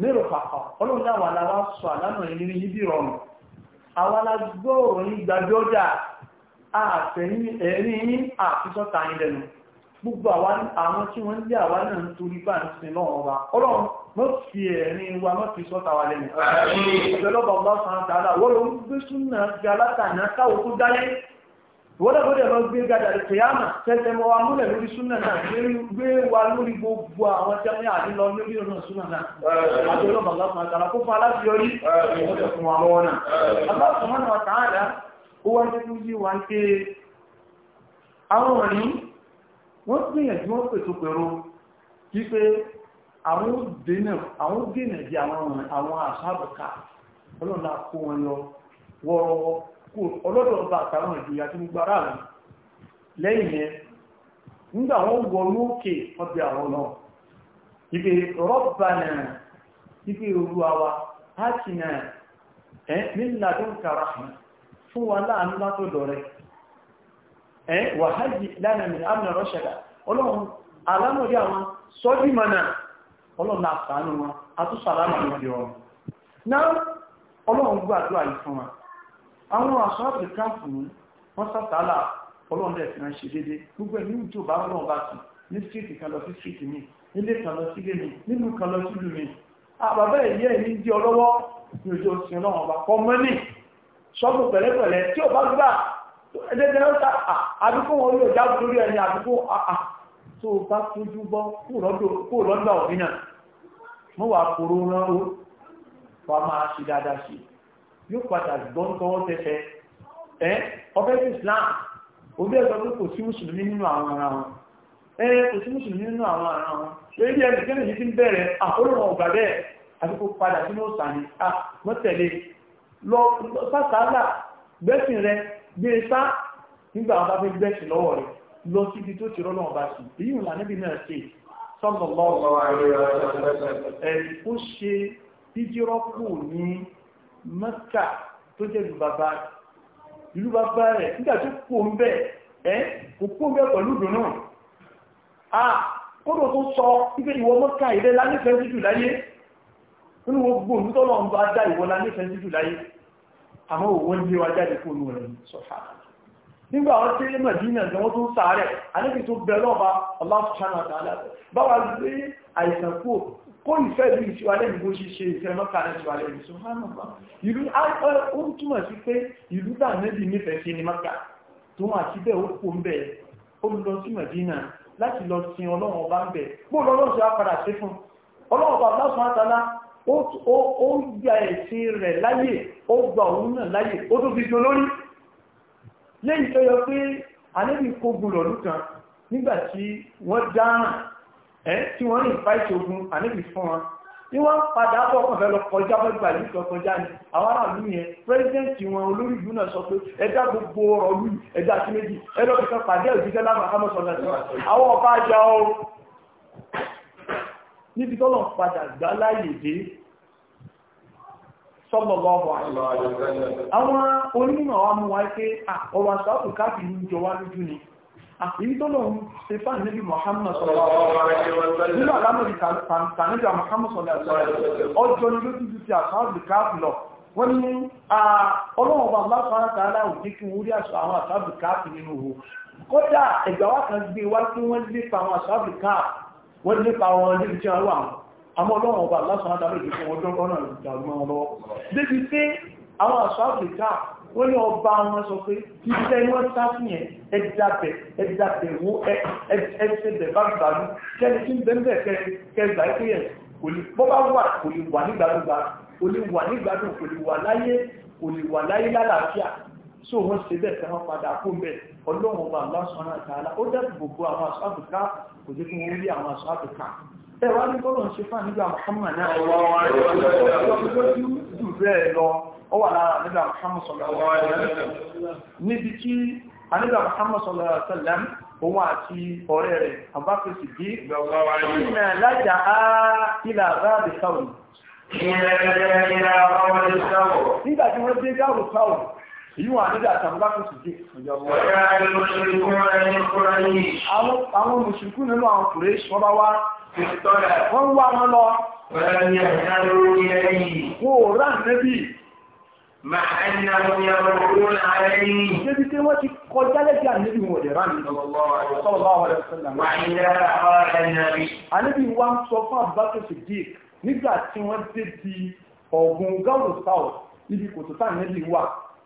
mẹ́rọ pàpọ̀ ọlọ́run dáwà aláwà sọ àlánà ìrìn yìí bí rọrùn àwọn alágbọ́ọ̀rọ̀ ní gbàjọ́jà àtẹ̀yìn ẹ̀rin ní àfisọ́ta ìlẹ̀nu gbogbo àwọn tí wọ́n lé àwa náà ń torí bá ń sin náà wa ọlọ́run mọ́ fi ẹ̀rin wa mọ́ fi sọ́ta wa lẹ́nu ìjọlọ́bà ọlọ́sàn-án tààlà wọ́dọ̀gbọ́dẹ̀ lọ gbé gádà rẹ̀ kìyàmà tẹ́tẹ́mọ́ wa lórí súnà náà gbé wa lórí gbogbo àwọn jẹ́mọ́ àti lọ lórí ọ̀nà súnà náà àti ọlọ́mọ lọ́pàá kó fún aláṣeyọrí ọjọ́ fún wa wọ́n náà ó wá sí ń kò ọlọ́dọ̀ ọba àtàwọn ìjòyà tí gbogbo ara rẹ̀ lẹ́yìn yẹn nígbà wọ́n wọ lókè ọbẹ̀ àwọn náà ibi rọ́bà náà ibi olúwa wa ha náà ẹ́ nílà tó ń kara fún wa láàánú látọ̀dọ̀ rẹ̀ ẹ́ wàhájì lánàá ọlọ́run gbàdúrà yìí fún wa àwọn àṣọ́ọ̀bì káàkù wọ́n sàtàlà ọlọ́ọ̀dẹ̀ fi ránṣẹ́ dédé gbogbo ẹ̀mí ìjọ bá wọn bá tù ní stíìtì kan lọ sí stíìtì mi nílé kan lọ sílé mi nínú kan lọ sílù mi àbàbá ẹ̀yẹ ẹ̀mí di ọlọ́wọ́ ní ojú oṣù ọlọ́wọ́n bá kọ́ mọ́ ní ṣọ́ọ̀bù pẹ̀lẹ́pẹ̀lẹ́ tí ò bá gbà ẹ̀dẹ́gbẹ́ ó ta àdúgbò wọn yóò já lórí ẹni àdúgbò àà tó o bá tójú bọ́ kó o wà máa ṣe yóò padà gbọ́n tọwọ́ tẹsẹ̀ ẹ ọbẹ̀ tí Islam òbí ẹ̀sọ́ pé kò sí mùsùlùmí nínú àwọn ara wọn ẹ kò sí mùsùlùmí nínú àwọn ara wọn lórí bí ẹnì kẹ́nìyí ti ń bẹ̀rẹ̀ àkólóhùn ọ̀gbà bẹ́ẹ̀ àti kò padà sínú òsàní à wọ́n tẹ̀lé lọ sásàálà gbẹ́sìn rẹ gbé e sá nígbà wọn bá fẹ́ gbẹ́sìn lọ́wọ́ rẹ lọ síbi tó ti rọ́lọ́ ọba sí èyí ìlànà níbi náà ṣe sọ́mọ̀ lọ́wọ́ ẹ̀rí mẹ́kà tó jẹ́ ìlú bàbá rẹ̀ ìlú bàbá rẹ̀ nígbà tó kó ń bẹ̀ ẹ́ kò kó ń bẹ̀ pẹ̀lú ìdùnnú à kódò tó sọ wípé ìwọ mẹ́kà ilẹ̀ lánífẹ́ sí jù láyé nínú gbogbo òun tó lọ́n bá dá ìwọ lánífẹ́ sí jù láyé àmọ́ òun lé wa jáde kó nù rẹ̀ sọ̀tà nígbà wọn tí mẹ̀dínà ni wọ́n tó ń sàárẹ̀ àníbi tó bẹ̀ lọ́ba Allah subhanahu wa ta'ala báwa gbé àìsàn kúrò kó ìfẹ́ ìlú ìṣíwá lẹ́nu bó ṣe ṣe ìfẹ́ mọ́ta lẹ́ṣíwá lẹ́nu tó hánàbá ìlú ó ń túmọ̀ sí pé ìlú tà nẹ́bì nífẹ̀ẹ́ sí ni mọ́ta tó wà síbẹ̀ ó kó ń bẹ̀ ó lọ sí mẹ̀dínà láti lọ sin ọlọ́run ọba ń bẹ̀ bó lọ́lọ́sọ apàdà sí fún ọlọ́run ọba lásán àtàlá ó gba ẹ̀sìn rẹ̀ láyè ó gba òun náà láyè ó tó fi dolórí lẹ́yìn tó yọ pé anẹ́bì kógun lọ̀lú kan nígbà tí wọ́n dáràn tí wọ́n ní ìfáìsì ogun àníbi fún wọn ní wọ́n padà bọ̀ wọ́n fẹ́ lọ kọjá gbẹ́gbà ìlú kan kọjá àwọn aráàlú yẹn pírẹsidẹ́ǹtì wọn olórí ìlú náà sọ pé ẹjá gbogbo ọ̀rọ̀ lù ẹjá sí méjì ẹjọ́ kìkan pàdé òjíṣẹ́ lábàá kámọ́ àwọn ọba àjà níbi tọ́lọ̀ padà àti tó lọ ṣe fà níbi Muhammad sọ̀rọ̀ nínú àlámọ̀dì tàníjà Muhammad sọ̀rọ̀ ọjọ́ ni ló túnjú ti àṣáàbì káàpù lọ wọ́n ní ọlọ́wọ̀n bá láfàá tààlà òjé kí wọ́n rí àṣọ àwọn àṣáàbì káàpù nínú ohò kódà ẹgbàwá kan gbé wá tí wọ́n lépa àwọn àṣáàbì káàpù wọ́n lépa àwọn níbi tí wọ́n wà àmọ́ ọlọ́wọ̀n bá láfàá tààlà òjé kí wọ́n dọ́gbọ́n náà wọ́n ní ọba wọn sọ pé iṣẹ́ wọ́n sá fún yẹn ẹ̀dàbẹ̀ ẹ̀dàbẹ̀ wo ẹ̀ẹ́sẹ̀bẹ̀ bá gbàlú kẹ́ni tí ń bẹ́ẹ̀ kẹgbà ẹ̀kọ́ yẹn kò lè bọ́ bá wà kò lè wà nígbàdúgba kò lè wà nígbàdùn kò lè wà láyé kò lè wà láyé lálàáfíà só wọ́n ṣe bẹ́ẹ̀ tẹ́ wọ́n padà kó mẹ́ ọlọ́run ọba lásán àtàlá ó dẹ́kun gbogbo àwọn aṣọ àbùká kò jẹ́ kí wọ́n rí àwọn aṣọ àbùká ẹ̀wá ní bọ́lọ̀ ń ṣe fáà nígbà Muhammad náà ó wà lára àníbà Muhammad sallallahu alaihi wasallam níbi tí àníbà Muhammad sallallahu alaihi wasallam òun àti ọ̀rẹ́ rẹ̀ àbáfẹ́sì dí ìrìnà lájà á ilà ráàbì sáwùn nígbà tí wọ́n dé gáàrù sáwùn èyí wà nígbà àtàbáfẹ́sì dí àwọn mùsùlùkú nínú àwọn kùrẹ́ ṣọ́bá مع أنهم يمرون عليه وإذا قال النبي النبي وان صفى بكر الصديق nígbà tí wọ́n dé di ọ̀gùn gáwùsáwù níbi kòtò táà nílì wà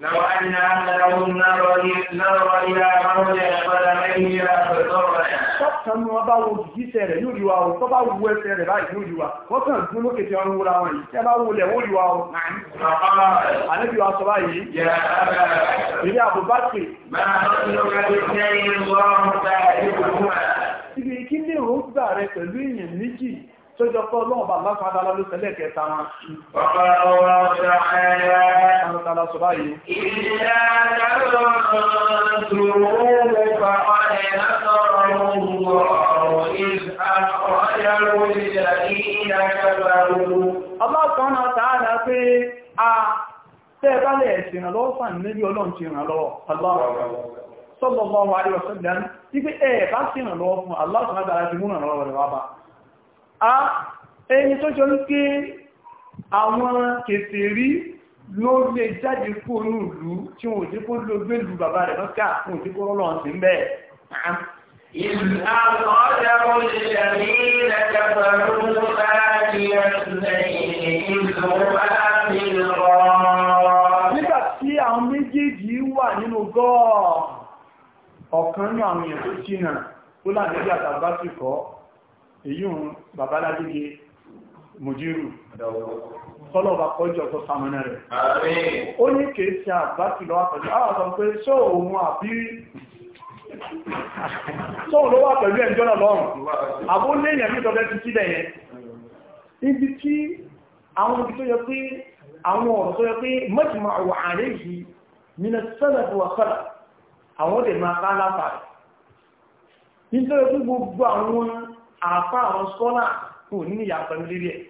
لو أن أهلهم نظر إلى موضع قدميه فضرنا Sọ́kàn wọn bá wo gìgísẹ̀ rẹ̀ yóò ríwa o, tó bá wo ẹsẹ̀ rẹ̀ báyìí yóò ríwa. Wọ́n kàn dún lókè tí wọ́n wúra wọn yìí, tẹ́ bá wo lẹ̀ wó ríwa o. Àníbi wa sọ báyìí. Ìrìn àbúbákì. Máa ń lọ rẹ̀ ní ẹ̀yìn wọ́n ń bá ẹ̀yìn wọ́n. Ibi kí ní òun gbà rẹ pẹ̀lú èèyàn méjì tó jọ pọ́ lọ́wọ́ bá bá fàdà lọ lóṣẹlẹ̀ kẹta wọn. Bàbá ọ̀rọ̀ ọ̀dà ẹ̀yà. Àwọn tààlà sọ báyìí. Ìyá àjálù ọ̀dùnrún fa ọ̀rẹ́ látọ̀rọ̀ ọ̀rọ̀ ọ̀yàwó ìjà ìyá kẹfàrú. Ọlọ́kan náà tààlà pé a tẹ́ bá lẹ̀ ẹ̀sìn lọ́wọ́ fà ti ràn lọ́wọ́. Sọ́lọ́mọ́ lọ́wọ́ fún Allah ti mú lọ́wọ́ rẹ̀ wá bá a ẹni tó jọ wípé àwọn kèfèrí ló lè jáde kó nù lú tí wọ́n jẹ́ kó ló gbé lù bàbá rẹ̀ lọ́kà fún òjì kó rọ́lọ́ sí mẹ́ إذ أخرجه àwọn méjèèjì wà nínú gọ́ọ̀ ọ̀kan ní àwọn èèyàn tó jìnà ó láti èyíhun babalájígé mojiru kọlọ̀bà kọjọ tó sàmọ́nà rẹ̀ ó ní kèé sí àbáti lọ àpẹ̀lú àwọn pé ṣó òun àbí ṣó òun ló wà pẹ̀lú ẹjọ́ náà lọ́rùn àbó léèyàn ní tọ́bẹ́ títí dẹ̀yẹn ibi tí àwọn ibi tó yẹ pé àwọn ọ̀rọ̀ tó yẹ pé mọ́jùmọ̀ àwọ̀ àárẹ̀ yìí nínú sẹ́lẹ̀ àfá àwọn skọ́lá kò ní ìyà pẹ̀lú lérí ẹ̀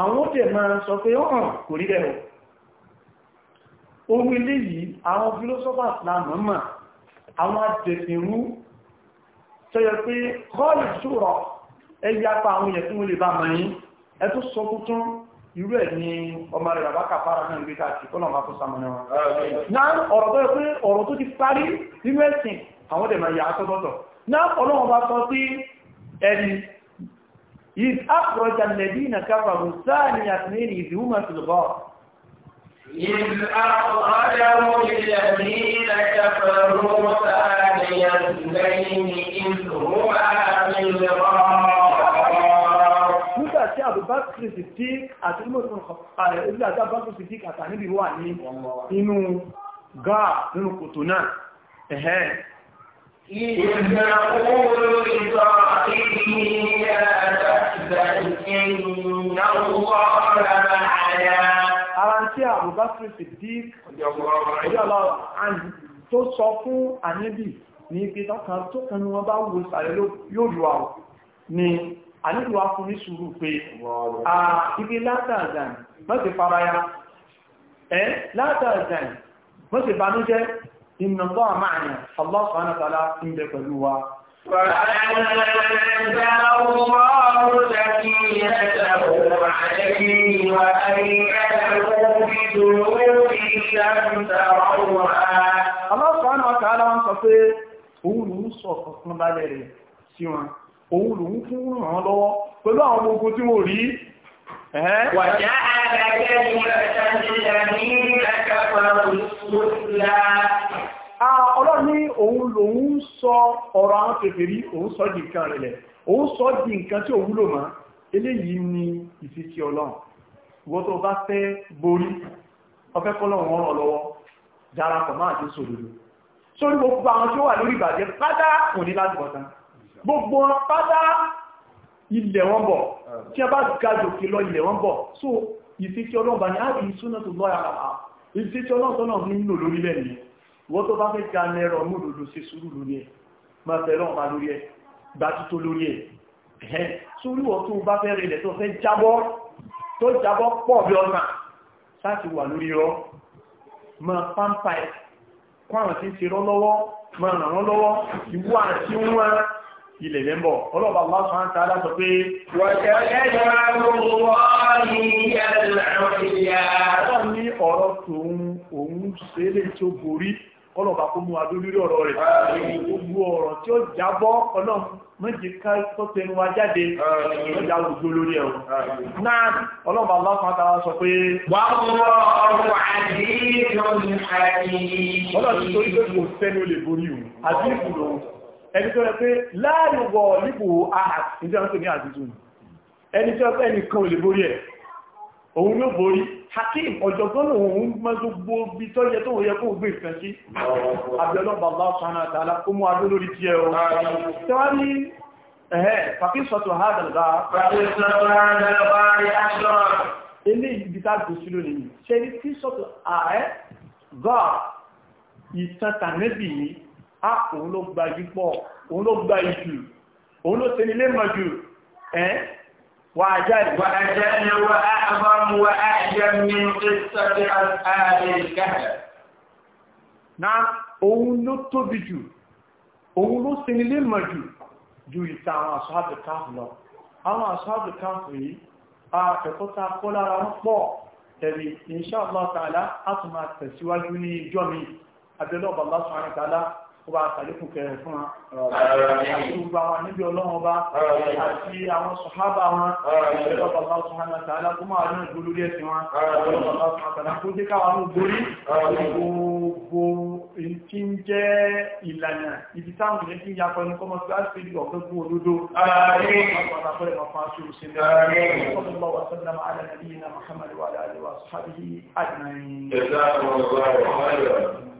àwọn òtẹ̀ máa sọ pé ó hàn kò rí bẹ́ẹ̀ ohun ilé yìí àwọn philosophers lámọ̀ mà àwọn àjẹ̀sìnrú tó yẹ pé kọ́ọ̀lù ṣúrọ̀ ẹgbẹ́ apá àwọn èèyàn tí wọ́n lè bá mọ̀ yín ẹ tó sọ tuntun irú ẹ̀ ní ọmọ rẹ̀ bàbá kàfàrà náà gbé káàkiri kọ́nà máa fún samuel wọn náà ọ̀rọ̀ tó yẹ pé ọ̀rọ̀ tó ti parí nínú ẹ̀sìn àwọn ọdẹ̀ máa tọ́tọ̀tọ̀ náà ọlọ́run bá sọ sí يعني إذ أخرج الذين كفروا ثاني اثنين إذ هما في الغار إذ أخرجوا الذين كفروا ثاني اثنين إذ هما في الغار Si a bá kírísì tí àtúmọ̀tò ààrẹ orílẹ̀ àti àbá kírísì tí àtàníbi wà ní inú gáà nínú kòtò náà. نقول لصاحبه لا تحزن إن الله معنا Arántí Àbúbákí Sìdík ọjọ́lọ́ tó sọ fún àníbì ní ibi tọ́kan tó kẹnu wọn bá wo ìsàlẹ̀ yóò lù àwọ̀ ni àníbì wá fún ní sùúrù pé à ibi látàzàn mọ́sí faraya ẹ́ látàzàn mọ́sí banújẹ́ إن الله معنا الله سبحانه وتعالى إن بكلوا فأنزل الله سكينته عليه وأيده بجنود لم تروها الله سبحانه وتعالى ń sọ pé òun lòun sọ ọ̀kan balẹ̀ rẹ̀ sí wọn òun lòun fún ràn án lọ́wọ́ pẹ̀lú àwọn ogun tí wọ́n rí Wàjá àgbàgbẹ́ ìrẹsẹ̀ ìrẹsẹ̀ ní ẹ̀kọ́ Ah, ọlọ́run ní òun lòun ń sọ ọ̀rọ̀ àwọn kèfèrí òun sọ di nǹkan rẹ̀lẹ̀ òun sọ di nǹkan tí òun lò mọ́ eléyìí ni ìfisí ọlọ́run wọ́n tó bá fẹ́ borí ọfẹ́ kọ́lọ́run ọ̀rọ̀ lọ́wọ́ darapọ̀ máa ti sòdòdò sórí gbogbo àwọn tí ó wà lórí ìbàjẹ́ pátá kò ní láti bọ̀tán gbogbo wọn pátá ilẹ̀ wọn bọ̀ tí a bá gajò kí lọ ilẹ̀ wọn bọ̀ so ìfisí ọlọ́run bá ní á wọ́n tó bá fẹ́ ga nẹ́rọ múlòdó sí sùúrù lórí ẹ̀ ma tẹ̀lọ́ ọ̀pá lórí ẹ̀ gbá tító lórí ẹ̀ sórí wọ́n tó bá fẹ́ rẹ̀lẹ̀ tó fẹ́ jábọ́ tó jábọ́ pọ̀ bí ọ̀nà sáti wà lórí rọ ma pampa ẹ̀ kwárùn tí ń wá ilẹ̀ lẹ́mbọ̀ ọlọ́ọ̀bà wá sọ àǹtà dá pé wọ́n ní ọ̀rọ̀ tòun òun ṣe lè tó borí kọ́lọ̀ bá kó mú wa lórí ọ̀rọ̀ rẹ̀ gbogbo ọ̀rọ̀ tí ó jábọ́ ọ̀nà méje ká tó tẹnu wa jáde ọjà òjò lórí ẹ̀rọ náà ọlọ́ọ̀bà bá fún àtàrà sọ pé wà ọ̀rọ̀ àdéhùn àdéhùn ọlọ́ọ̀tí tó ń gbé kò tẹnu lè borí òun àdéhùn lòun ẹni tó rẹ pé láàrin wọ̀ nípò àhà ìjọ́ òun ló borí hakim ọ̀jọ̀gbọ́n òun mọ́ gbogbo bí tó yẹ tó yẹ kó gbé ìfẹ́ sí abẹ́lọ́bà láàrín àtàlá kó mú adó lórí tí ẹ o tẹ́wàá ní ẹ̀hẹ́ fàkíṣọ́tò hádàlá ilé ìbítà gbòsí lónìí ṣe ní tí sọ́tò ààrẹ gọ́ ìtàn tànẹ́bì yìí á òun ló وأجل وأجل وأعظم وأعجب من قصة أصحاب الكهف نعم òun ló tóbi jù òun ló sinilé mọ̀ jù ju ìta àwọn àṣọ́bì káàkù lọ àwọn àṣọ́bì káàkù yìí àkẹ́kọ́ ta kọ́ lára wọn pọ̀ tẹ̀lé insha Allah ta'ala á tún máa tẹ̀síwájú ní ìjọ́ mi abẹ́lọ́bàbá sọ́rọ̀ ta'ala kó bá sàlékù kẹrẹ fún wa àti gbogbo àwọn níbi ọlọ́run ọba àti àwọn sọ̀hábà wọn ọlọ́pàá bá sọ hàn àti alákùnmọ́ àwọn náà gbólú rí ẹ̀sìn wọn ọlọ́pàá bá sọ àtàlà kó jẹ́ káwọn ló borí gbogbo tí ń jẹ́ ìlànà ibi táwọn ìyẹn ti ń yapọ̀ ní kọ́mọ tí a ti di ọ̀pẹ́ fún òdodo Thank you.